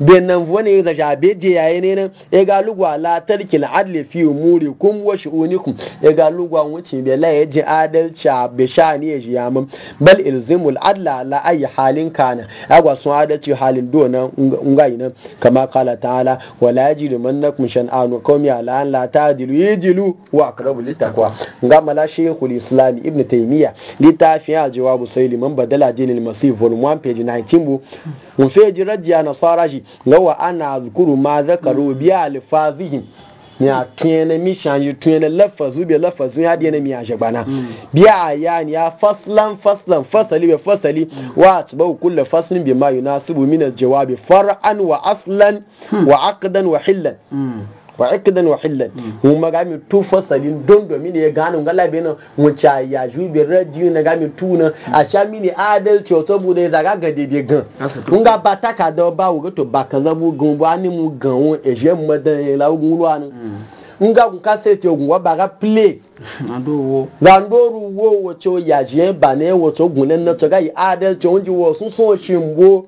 Be nan wani da jabe je yayi ne nan ya ga lugwa la tarkil adli fi umurikum wa shu'unikum ya e ga lugwa wuce be la ya ji adalci be shani ya ji yamin bal ilzimul adla la ayi halin kana agwa sun adalci halin do nan ungayi nan kama kala ta'ala wala yajidu mannakum shan'anu qawmi ala an la ta'dilu dilu!" wa aqrabu litakwa ngama la shaykhul islam ibn taymiya litafi ya jawabu sayli man badala dinil masif volume 1 page 19 bu mun fe ji rajiya nasara shi lawa ana zukuru ma zakaru biya alfazihi ya tuyene mi shanji tuyene lafazu bi lafazu ya diyene mi aje bana hmm. biya ya ni ya faslan faslan fasali bi fasali hmm. wa atbau kulle faslin bi ma yunasibu mina jawabi far'an wa aslan hmm. wa aqdan wa hillan wa ikidan wa hillan hmm. mu ma ga mi tu fasalin don domin ya gano ngala be na mu cha ya ju be radio na ga mi tu na hmm. a sha mi ne adal ce to bu da zaga ga de gan mun ga bata ka da ba wo ga to ba ka zabu gun ba ni mu gan won e je mu da la gun lu anu hmm. mun ga kun ka sai te gun wa ba ga play zandoru wo wo cho ya je ba ne wo to gun na to ga yi adal ce won ji wo sun so shimbo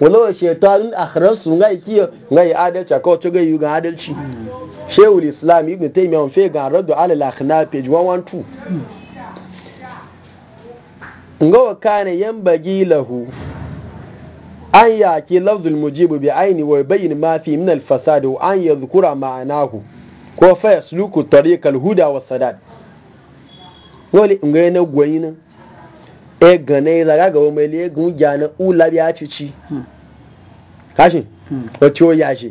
walawa shaitanun akhirar su ngai kiyo ngai adalci ko to gai yugan adalci shehul islam ibn taimiyar on fe ga raddu ala al page 112 ngawa kana bagi lahu an yaki lafzul mujibu bi aini wa bayin ma fi min al-fasad wa an yadhkura ma'anahu ko fa yasluku tariqal huda wa sadad wali ngai na gwayina e ganai zaga ga omeli e gun na ula bi achichi hmm. kashi hmm. wacce o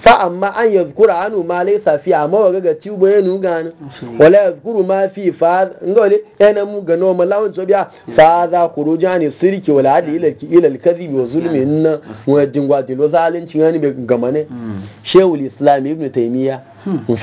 fa amma an yadhkura anu ma laysa fi amma waga ga ci bo yenu gana wala yadhkuru ma fi fa ngole e mu ga no so biya hmm. fa za khurujani sirki wala adi ila ila alkadhibi wa zulmi zalunci yani be gamane shehul islam ibn taymiya mu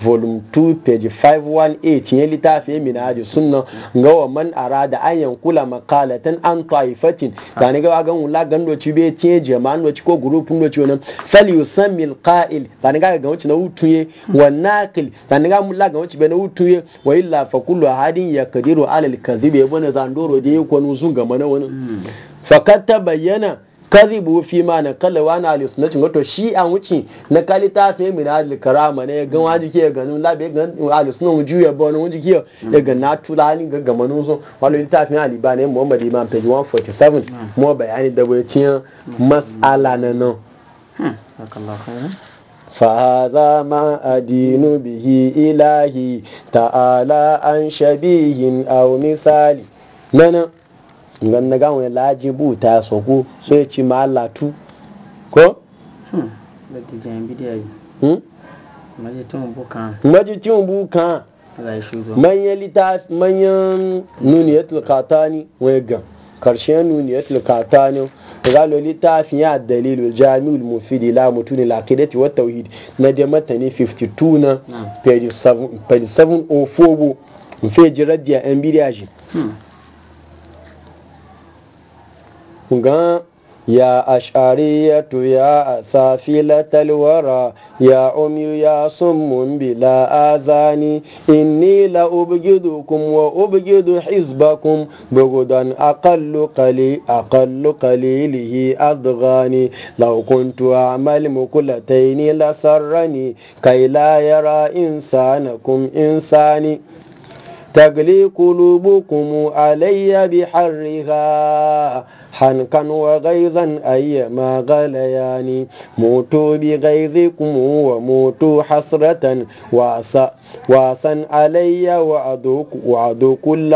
volume 2 page 518 ya littafi ya mina haji sunna ga wa man arada an yankula makalatan an taifatin da ni gawa gan wula gan doci bai tiye jama'an doci ko gurupin doci wani fal mil ka'il da ni gawa gan wuce na hutuye wa nakil da ni gawa wula gan wuce bai na hutuye wa illa fa kullu hadin kadiru alal kazi bai bane zandoro da kwanu sun gama na wani hmm. fakatta bayyana. kadhibu fi ma na kala wa na alu sunnati wato shi an wuce na kalita ta fi min al karama ne gan waji ke ganin labe ga alu sunna wuju ya bon wuju ke daga na tulani ga gamanun so wato ta fi ali ba ne muhammad imam page 147 hmm. mu bayani da bai hmm. mas'ala na nan فهذا ما أدين به إلهي تعالى عن شبيه أو مثالي نعم ngan na gawon laji buta so ko sai ci ma Allah tu ko lati hmm, jan bidiya hmm maji tun bukan maji tun bukan manyan lita ya nuniyatul ni wai ga karshe nuni ya karshen nuniyatul lo lita fi ya dalilu jami'ul mufidi la mutuni la kidati wa tauhid na da matani 52 na hmm. page 704 bu fe jiradiya yan bidiya hmm. ga ya ash'ariyatu ya safilatal wara ya umyu ya summun bila In ni la'ubgidu ubgidukum wa ubgidu hizbakum bugudan aqallu qali aqallu qalilihi malmukulatai law kuntu a'mal mukulatayn la sarrani kay la yara insanakum insani tagli qulubukum alayya biharriha hankan halkan wa gaizan ayyama galayani mutu bi gaizikum wa mutu hasratan wasa. وصن علي وعدوك وعدو كل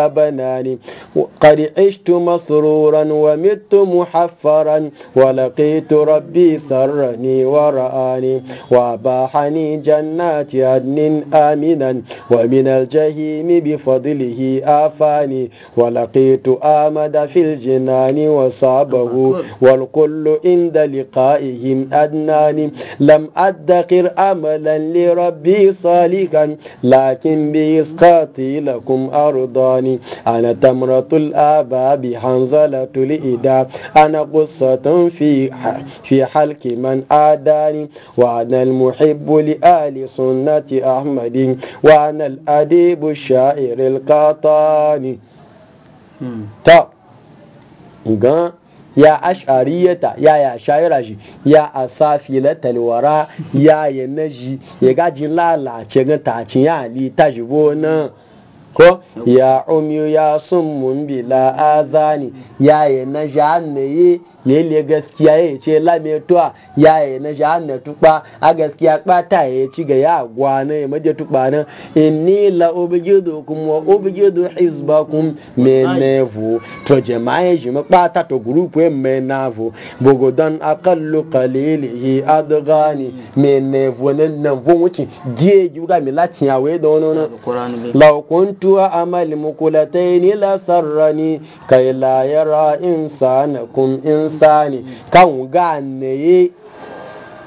قد عشت مسرورا ومت محفرا ولقيت ربي سرني ورآني واباحني جنات عدن آمنا ومن الجحيم بفضله آفاني ولقيت آمد في الجنان وصابه والكل عند لقائهم أدناني لم أدقر أملا لربي صالحا لكن بإسقاطي لكم أرضاني أنا تمرة الآباء بحنظلة الإداء أنا قصة في في حلق من آداني وأنا المحب لآل سنة أحمد وأنا الأديب الشاعر القطاني تا ya ashariyata ya ya shayira shi ya asafila talwara ya ya naji ya gajin lalace ga taci ya ali ta jibo ko ya umyu ya sun summun bila azani ya yi na jahannaye ya le gaskiya ya ce lametuwa ya yi na jahanna tukpa a gaskiya kpata ya ci ga ya gwana ya maje tukpa nan inni la ubigidu kum wa ubigidu hizbakum menevu to jama'a ji ma kpata to gurupu ya menavu bogodan akallu kalili ne menevu nan nan vun wuce diye ji ga mi latin ya we dono wani. laukun kuntu amal mukulataini la sarrani kai la yara insanakum insani kan ga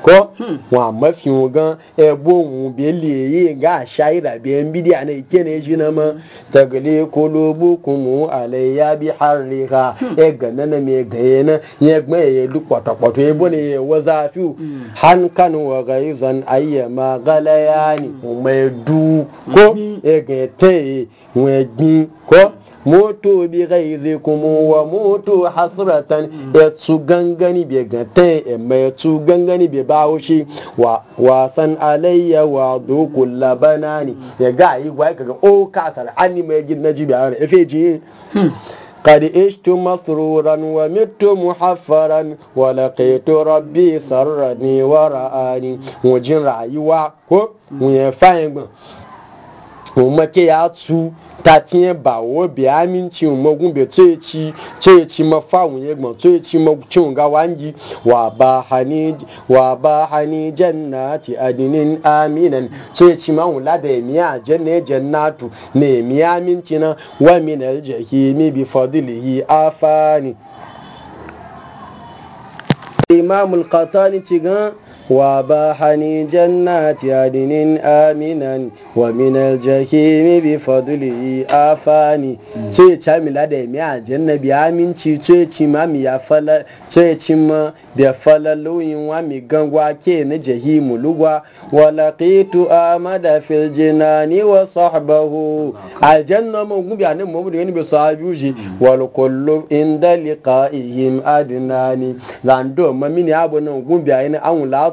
ko hmm. wa mafi gan ebo eh, mu bele ga shaira biyan bidiya ne ke ne shi na ma hmm. tagle kolobu kumu alayya bi harriha hmm. e eh, ganna na me gaye na ye gbe ye du kwatokwato ebo ne ye wazafiu han kan wa gaizan ayyama galayani kuma du ko e ga we gbin ko moto bi zai kuma wa moto hasratan ya tsu gangani bi gata emma ya tsu gangani bi bawushi wa wasan alayya wa dukul ne. ya ga yi gwa ka ga o ka sar anni mai gid na jibi ara efe ji قد عشت مسرورا ومت محفرا ولقيت ربي سرني ورآني وجن رأيوا ويفاين ya ياتسو ta tiɲɛ ba wo bi aminci magun bi tsoye ci tsoye ci ma fawun ye gbɔn tsoye ci ma cin ga wanji wa ba hani wa ba hani jannati adinin aminan tsoye ci ma wula da miya janne jannatu ne miya aminci na wa ki mi bi fadlihi afani imam al-qatani ci gan واباحني جنات عدن آمنا ومن الجحيم بفضله آفاني sai ya mi lada ya miya janna bi aminci sai ya ci mami ya fala sai ya ma da fala luyin wa mi gangwa ke na jahimu lugwa wa laqitu amada fil jinani wa sahbahu aljanna mu gubi anan mu da yani bi sahabuji wal kullu inda liqa'ihim adnani zando mamini abu nan gubi ayin an wula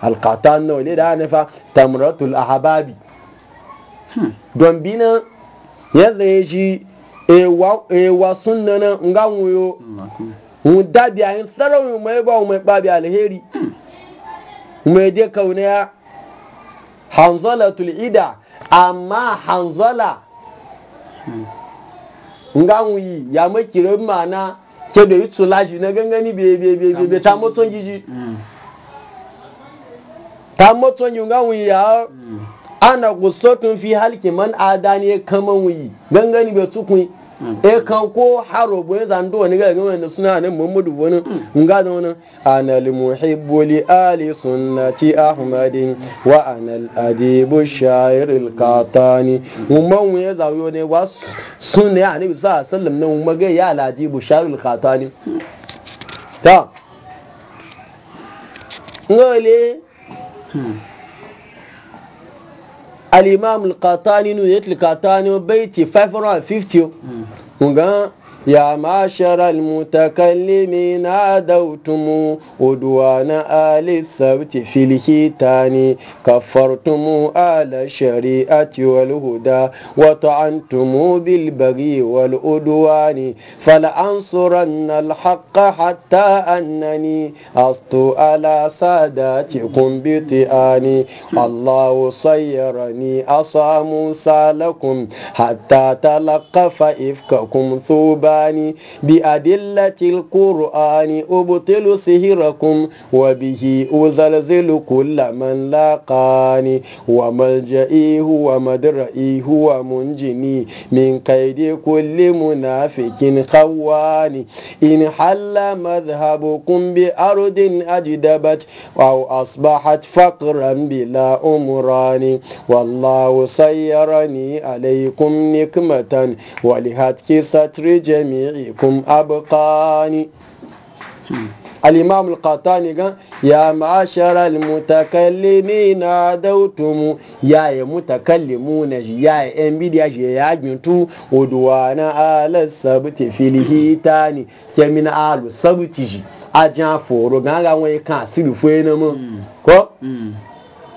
alkatan nawa? wale da hanifa tamratul ahababi don bina ya zai shi ewa sunna nga wuyo mun dabi a yin tsarawin mai ba mai babi alheri mai dai kaunaya hanzalatul ida amma hanzala nga wuyi ya makirin mana ke da yi shi na gangani bebe bebe ta mutum giji kamo tun yunga wuya mm. ana tun fi halki man adani e kaman wuyi gangani bai tukun mm. e kan ko haro bo ya e zando wani ga gama na suna nan muhammadu wani mm. nga da wani anal muhibbu li ali sunnati ahmadin wa anal adibu shair al qatani umman ya zawo ne wa sunna annabi sallallahu alaihi wasallam nan maga ya al adibu shair al qatani ta ngole Hmm. al-imam al-qatani nu yatil qatani baiti 550 hmm. ngan يا معشر المتكلمين عدوتم عدوان آل السبت في الختان كفرتم آل الشريعة والهدى وطعنتم بالبغي والعدوان فلأنصرن الحق حتى أنني أصت على ساداتكم بطئاني الله صيرني أصى موسى لكم حتى تلقف إفككم ثوبا القرآن بأدلة القرآن أبطل سهركم وبه أزلزل كل من لاقاني وملجئي هو مدرئي هو منجني من قيد كل منافق خواني إن حل مذهبكم بأرض أجدبت أو أصبحت فقرا بلا أمراني والله سيرني عليكم نكمة ولهتك ستر جميل jami'ikum abqani al-imam al-qatani ga ya ma'ashara al-mutakallimina dautumu ya ya mutakallimuna ya ya embidia ya ya gintu udwana ala sabti filhitani ke min alu sabti ji ajan foro ga ga won ka siru fo ina mo ko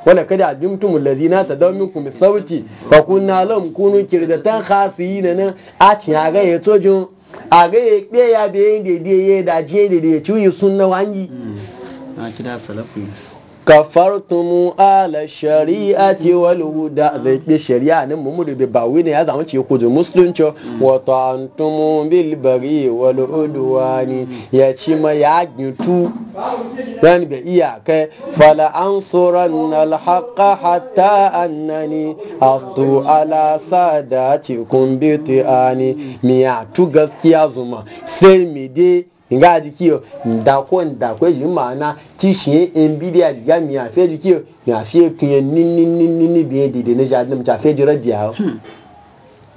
wala kada ajimtum alladhina tadawmukum bisawti fa kunna lam kunu kirdatan khasiina na a ci ga ya tojun a ga ya kpe ya yin daidai ya dace daidai ya ciwo ya sunna wangi hmm. na kira salafu kafartumu ala shari'ati wal huda zai shari'a nan mu mudu bi bawi ne ya zama ce ku ji musulunci wa ta'antum bil bari wal udwani ya ci ma ya gitu dan bi iya kai fala ansuran al haqqa hatta annani astu ala sadatikum bi tiani miya tu gaskiya zuma sai mi dai nga jikio ndako ndako yi mana tishin nbidia diga mi afi jikio mi afi ekunye ni ni ni ni ni bi de ne jadum cha fe jira dia o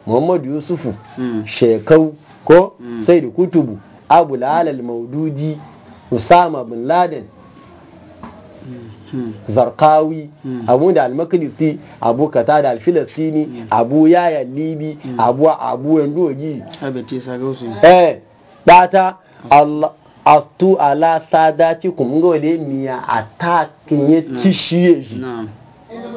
muhammad hmm. yusufu hmm. shekau ko hmm. sai kutubu abu lalal maududi usama bin laden zarkawi abu da almaklisi abu kata da alfilasini abu yaya libi abu abu yanzu oji abete sagausu eh bata Allah astu ala sadati kum ngo de miya atakin ya ci shi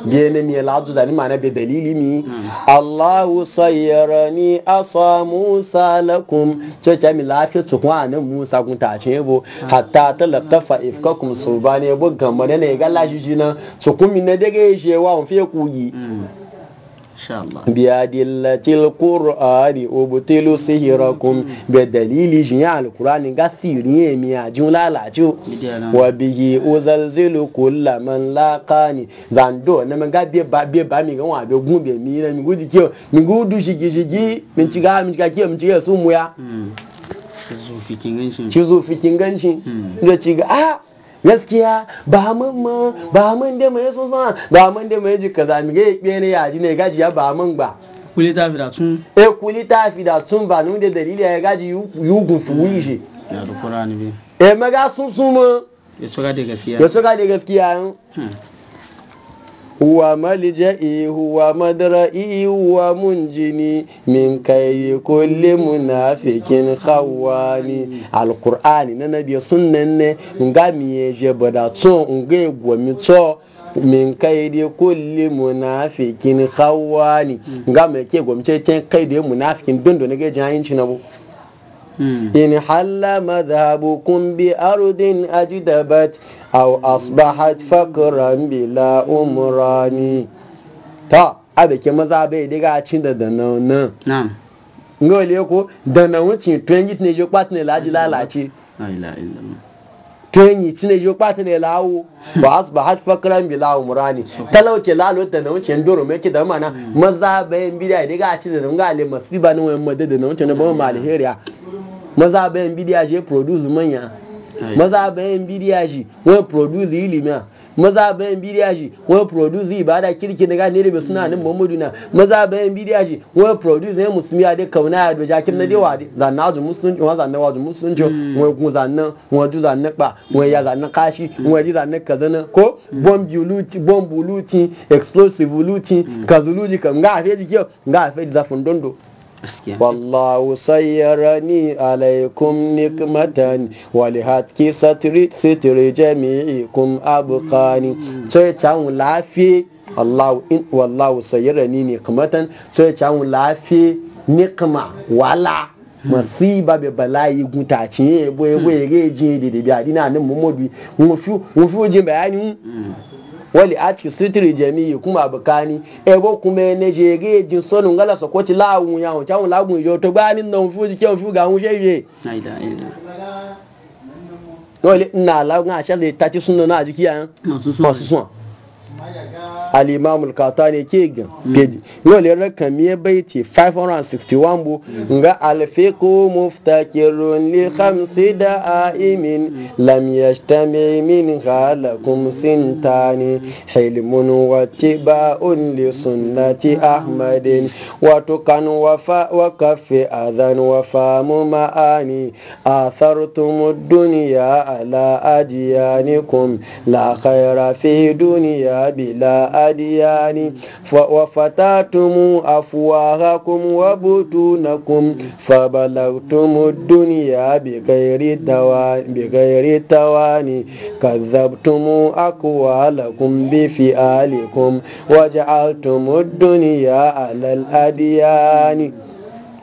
biye miya ladu zani mana be dalili mi Allahu sayyarani asa Musa lakum ce ce mi tukun anan Musa kun ta ce bo hatta talabta fa ifkakum subani bo gamane ne ga lashi shi nan ne daga yeshe wa on kuyi biyadillatil qur'ani ubtilu sihirakum bi dalili jinya alqur'ani ga sirin mi ajun lalajo wa bihi uzalzilu kullaman laqani zando na ma ga be ba be ba mi ga wa be gun be mi na mi gudu kiyo mi gudu shigi shigi min ci ga min ci ga kiyo min ci ga fikin ganshi ci fikin gaskiya ba mun ma ba mun da mai so san ba mun da mai jika za mi ga ne ya ji ne gaji ya ba mun ba kuli ta fi da tun eh kuli ta fi da tun ba nun da dalili ya gaji yu gun fu yi shi ya da qur'ani bi eh maga sun su mu ya tsoga da gaskiya ya tsoga da gaskiya hmm. huwa malja'i huwa madra'i mun munjini min kayi kulli munafikin khawani alqur'ani na nabiy sunnan ne ngami ye je bada to ngai gomi to min kai da kulli munafikin khawani ngami ke gomi ce ten kai da munafikin dundu ne ga jayin cinabu إن حل مذهبكم بأرض أجدبت أو أصبحت فقرا بلا أمراني تا أبي كما زابي ديغا أتشين دانا نعم نعم ko da na wuce 20 ne jo kwatne laji lalace la ilaha illallah tenyi cine jo kwata ne lawo ba asbahat fakran bi lawo murani talauke lalo da nan cin doro me da mana maza bayan bidiya da ga ci da nan ga le masiba ne wayan madada nan cin ba ma alheriya maza bayan bidiya je produce manya maza bayan bidiya ji wayan produce ilimi maza bayan bidiya shi wani produce ibada kirki daga ne da suna nan Muhammadu na maza bayan bidiya shi wani produce ne musulmi ya dai kauna ya dojo jakin na dewa dai zanna wajen musulunci wani zanna wajen musulunci hmm. wani kuma zanna wai zanna ba wani ya zanna kashi hmm. wani ji zanna kazana ko hmm. bomb uluti explosive uluti kazuluji kam ga afe jike ga afe zafin dondo wallahu sayyarani alaikum nikmatan walihatki sitiri jami'ikum abuqani sai ya camu lafi wallahu sayyarani nikmatan sai ya camu lafi nikma wala masiba bɛ bala yi guta je de de bi a ni wali a cikin sitiri jami'i kuma bukani ebo kuma ne je jin sonu ngala so lawu ya ho chawu lawu yo to gba ni non ke fu ga hun she ye aida aida wali na lawu le tati na ajiki ya alimamu kata ne ke gan peji yau le rakam miye baiti 561 bu ga alfiku muftakirun li khamsi da'aimin lam yashtami min halakum sintani hilmun wa tiba'un li sunnati ahmadin wa tukan wafa wa kafi adhan wa mu ma'ani athartum ad-dunya ala ajiyanikum la khaira fi dunya bila الأديان وفتاتم أفواهكم وبطونكم فبلغتم الدنيا بغير توان بغير توان كذبتم أقوالكم بفعالكم وجعلتم الدنيا على الأديان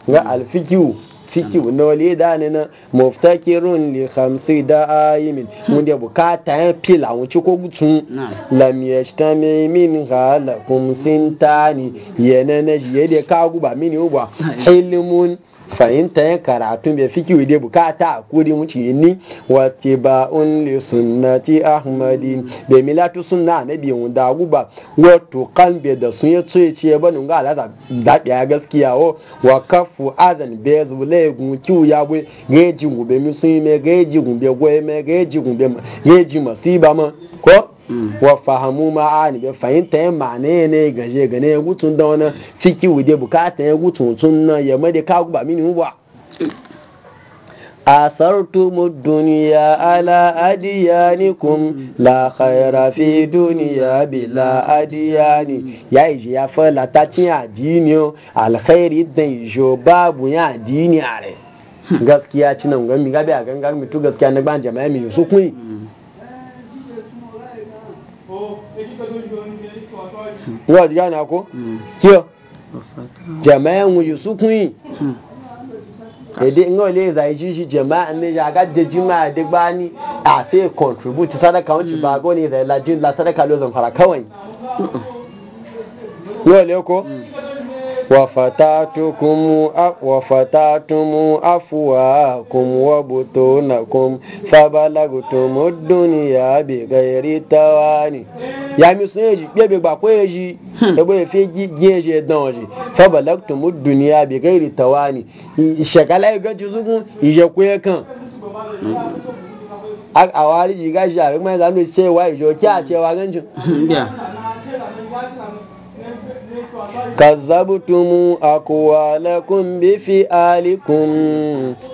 ga alfikiu fiki na wale da ne na muftakirun le hamsi da min mun da bukata ya fila wuce ko gutun lam mai min sinta ne yana na jiye da kagu ba mini uba ilmun fahimta ya karatun bai fi kiwo dai bukata a kuri wuce ni wace ba un li sunnati ahmadi bai milatu sunna na biyu da ba wato kan bai da sun yi tsoye ce ba nunga alasa a gaskiya o wa kafu azan bai zule gun ya bai gaji gube sun yi mai gaji gube mai gaji gube gaji ma ko Mm. wa fahamu ni be fahimta yin ma'ani ne gaje gane ya gutun da wani fiki wude bukata ya gutun tun na ya mada ka ba mini ba asartu mu duniya ala adiyanikum la khaira fi duniya bi la adiyani ya ije ya fa la adini o alkhairi dan jo babu ya adini are hmm. gaskiya cinan gami gabe a gangar mutu gaskiya na ban jama'i mi su kun yau jiya na ko kiyo Jama'a wuyi su kun yi èdè ń lọ ilé ìzà ìṣíṣí jẹ̀má ẹ̀mẹ́jà agádẹ́jú máa dé a ní àfẹ́ contribute sadaka wọn ba bá agọ́ ní ìzà ìlàjì sadaka ló fara kawai. yìí. yóò lé وفتاتكم وفتاتم أفواكم وبطونكم فبلغتم الدنيا بغير تواني يا مسنجي بيبي باكويجي ebe fe geje donji fa balaktum dunya bi gairi tawani shagala ga juzugun ije kan awari ji gashi a mai zamu cewa ijo kya cewa gancin كذبتم أقوالكم بفئالكم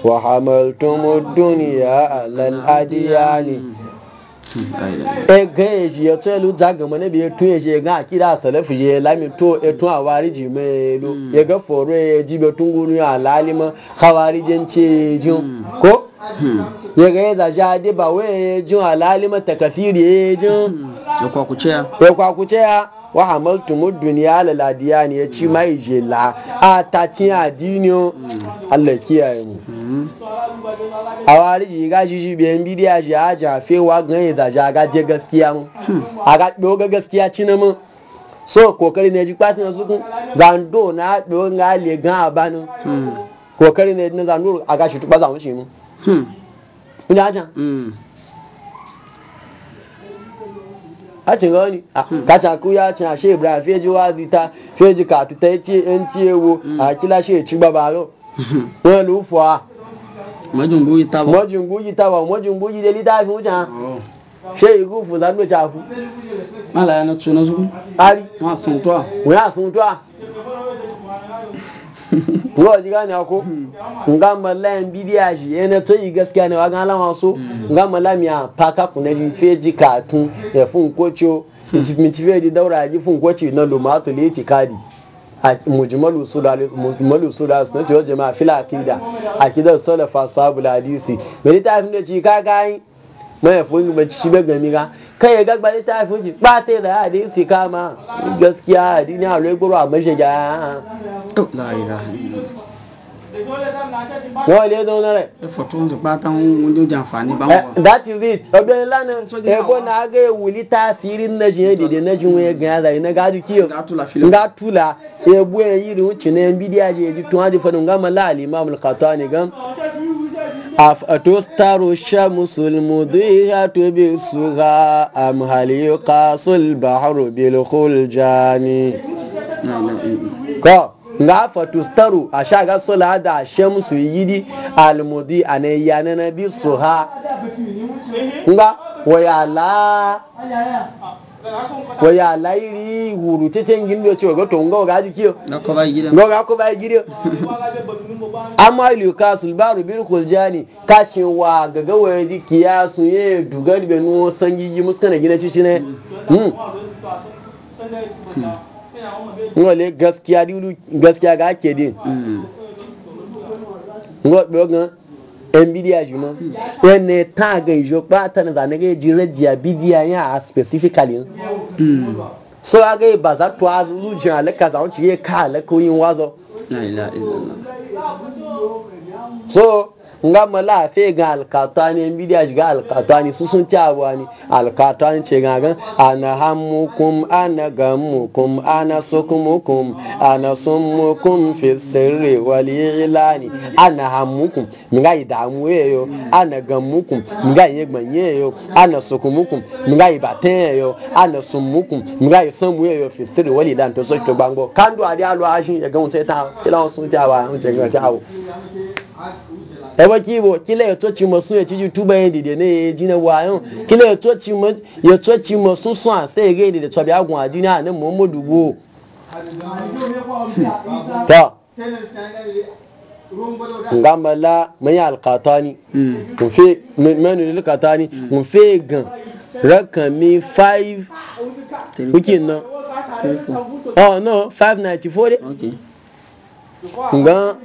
وحملتم الدنيا على الأديان ẹgbẹ́ eji eto elu jagama ne bi etun eji egan akida asalafu ye lami to etun awariji melo hmm. ega foro eji be tun guru ya lalima khawarije nche ń hmm. hmm. ba alalima wa hamaltu la laladiya ne ya ci mai jela a tatin addini Allah kiyaye mu hmm. a wari ji ga shi biyan bidiya ji a jafewa ganye da ja ga je gaskiya mu hmm. a ga doga gaskiya ci na mu so kokari ne ji kwatin su zando na doga ga le gan abanu hmm. kokari ne na zando a ga shi tuba zamu shi mu ina jan a cin gani ka ku ya cin ashe ibra feji wazita ta feji katu ta yace yan tiyewo a kila ci babaro wọn lu fọ a mọjungu yi taba mọjungu yi taba mọjungu yi deli ta fi wuce ṣe igu fuza ló ca fu. má la yẹn tún ari wọn asuntu a. wọn asuntu a. ruwa ji gane ko nga malayan bidiya shi yana eh, to yi gaskiya ne wa ga alama so mm. nga malamiya paka kuna ji feji katun ya fun kocho min ci feji daura ji fun koci na lumatu leti kadi mujmalu sulal mujmalu sulal sunnati wal jamaa fil aqida aqida salafa sahabul hadisi medita afin da ci ka ga mai fungi ba ci bai gani ga kai ya gagba da ta fungi ba ta da hadi su kama gaskiya hadi ne a lagoro a mashi ga wọ́n lé dán lọ́rẹ̀. ẹ̀fọ̀tún ń dùpá táwọn ohun ló jẹ àǹfààní bá wọn. Eh, that is it ọgbẹ́ni e ẹ̀gbọ́n náà aga ewúli tá a fi rí nẹ́jì yẹn dèdè nẹ́jì wọn yẹn gan ara yìí náà gáàdù kí o. nga tula ebu ẹ̀yìn rìn ó tì náà ń bí díẹ̀ àjẹ́ yẹn di tún á di fọ́nù nga mọ̀ láàlì máa mọ̀ kàtọ́ أفتستر الشمس المضيئة بالسغى أم هل يقاس البحر بالخلجان nga fatustaru a sha ga sola da shamsu yidi almudi a yana na bi su ha nga waya la waya lairi wuru tete gindo ce ga to ngo ga kiyo ngo ga ko bai gidiyo amma kasul Baru bil khuljani kashin wa gaga waya jikiya su ye dugal be no sanyi yi muskana gina cici ne hmm. Hmm. ngo le gaskiya dilu gaskiya ga ke din hmm. ngo be ga yan bidiya juna wani ta ga e ijo bata na zane ga ji bidiya ya a specifically hmm. so a ga ba za ta zulu jin alaka za wuce ya ka alaka yin wazo so nga mala fe ga alkatani en bidiya ga alkatani su sun ci abani alkatani ce ga gan ana hammukum ana gammukum ana sukumukum ana summukum fi sirri wal ilani ana hammukum mi ga idamu eyo ana gammukum mi ga yegbanye eyo ana sukumukum mi ga ibaten eyo ana summukum mi ga isanmu eyo fi sirri wal ilani to so to gbangbo kandu ade alu ashin ya gan sai ta kila sun ci awa, sun ce ga ta awo ẹwọ́ kí ibò kílẹ̀ ètò tí mo sún ètí youtube yẹn dìde ní èyí jìnnà wà áyùn kílẹ̀ ètò tí mo sún sún àṣẹ èrè èdè tọ́bi àgùn àdínà àná muhammadu wo. tọ́ ngamala mai alkatani nfe hmm. mẹnu alkatani nfe hmm. gan rakami five wikin nan Ɔ no five ninety four de. ngan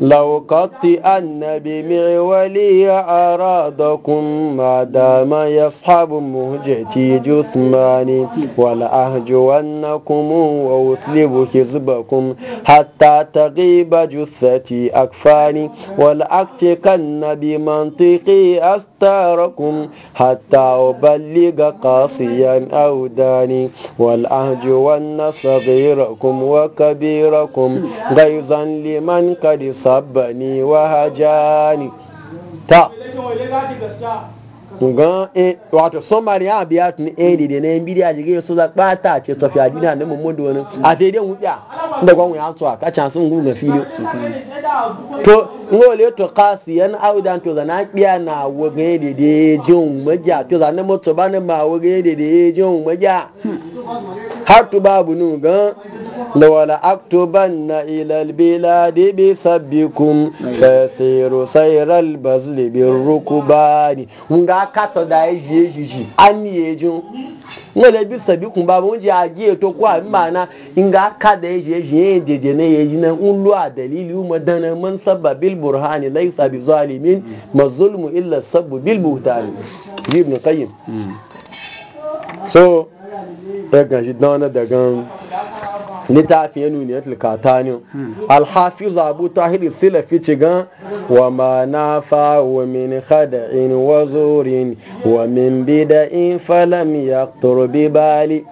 لو أن بمعولي أرادكم ما دام يصحب مهجتي جثماني ولأهجونكم وأثلب حزبكم حتى تغيب جثتي أكفاني ولأكتكن بمنطقي أستاركم حتى أبلغ قاصيا أوداني ولأهجون صغيركم وكبيركم غيظا لمن قد sabbani wa hajani ta ngan e eh, wato somari ya biya tun e eh, de de ne bidi a jige so za kpata ce to fi adina na mun mudu wani a te de wuya da gwan ya to aka can sun gunga fili to ngole to qasiyan audan to zana biya na woge de de jin maja to zana ba bana ma woge de de jin maja har to babu nu gan lawala aktubanna ila albiladi bi sabbikum fasiru sayral bazli bin rukubani nga kato da eji eji an yeju wala bi sabbikum ba mun ji aje to ko amana nga ka da eji eji yende je ne yeji na ulu a dalili umma dana man sababil bil burhani laysa bi zalimin mazlumu illa sabbu bil buhtani ibn qayyim hmm. so ya e gaji dana daga littafin ya nuna ya tulkata ne alhafizu abu tahir silafi gan. wa ma na fa wa min in wa zurin wa min bida'in falam ya turbi bali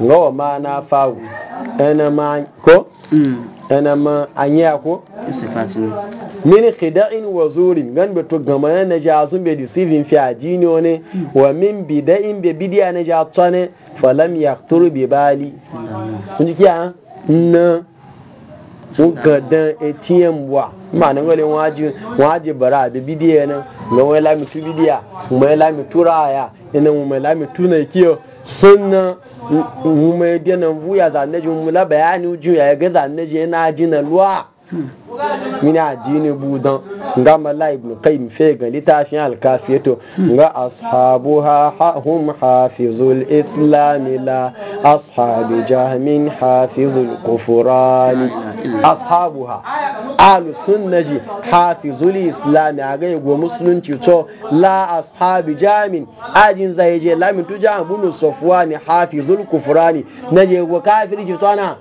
ga wa ma na fa ko ana ma anya ko min khida'in wa zurin gan to gama na ja sun be deceiving fi adini ne wa min bida'in be bidiya na ja tsane falam yaqtur bi bali kun ji kiya na gadan atm wa ma'anin gole waji aji bara da bidiya na ga wai lami tu bidiya mai lami turaya ina mai lami tuna kiyo sunna mu mai dinan vuya zanaji mu la bayani uju ya ga zanaji yana ji na luwa mina addini budan nga mala ibn qayyim fe ga al alkafiyato nga ashabu ha hum hafizul islam la ashabi jahmin hafizul kufran ashabu ha ahlu sunnaji hafizul islam a ga go musulunci to la ashabi jahmin ajin zai je lamin tu jahmin bunu safwani hafizul kufurani naje go kafirci to na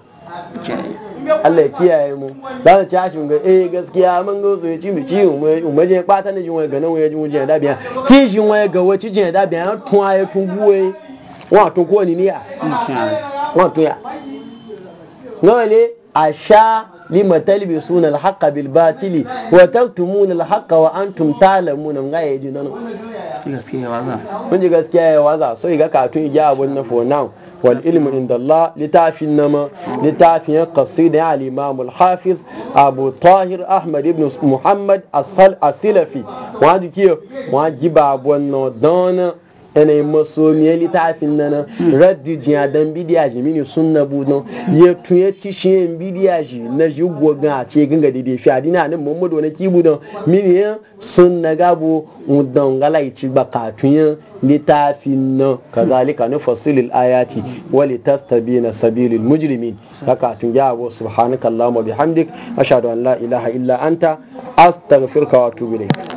Allah ya kiyaye mu za su ci shi ga eh gaskiya mun ga zo ya ci mu ci mu mu kwata ne jinwa ga nan wa ya jinwa je da biya ki jinwa ga wa ci je da biya tun aye tun guwe wa to ko ni ni ya wa to ya ngole asha lima talbisuna alhaqa bil batili wa taktumuna alhaqa wa antum ta'lamun ga yaji nan gaskiya ya waza mun ji gaskiya ya waza so ga katun ya abun na for now wal ilmu inda Allah litafin nama litafin qasida al imam al hafiz abu tahir ahmad ibn muhammad as-salafi wa ji kiyo wa ji no dona yanayin masomiyar littafin na nan hmm. raddi jiya don bidiya ji mini sun na budon ya tuye tishiyan bidiya ji na ji gogon a ce ganga da fi adina nan mamadu wani kibu don mini yan sun na gabo don galaici bakatuyen littafin na kazalika na fasilil ayati wali tabi na sabilin mujrimin bakatun ya abu subhanakallahumma bihamdik ashhadu an la ilaha illa anta wa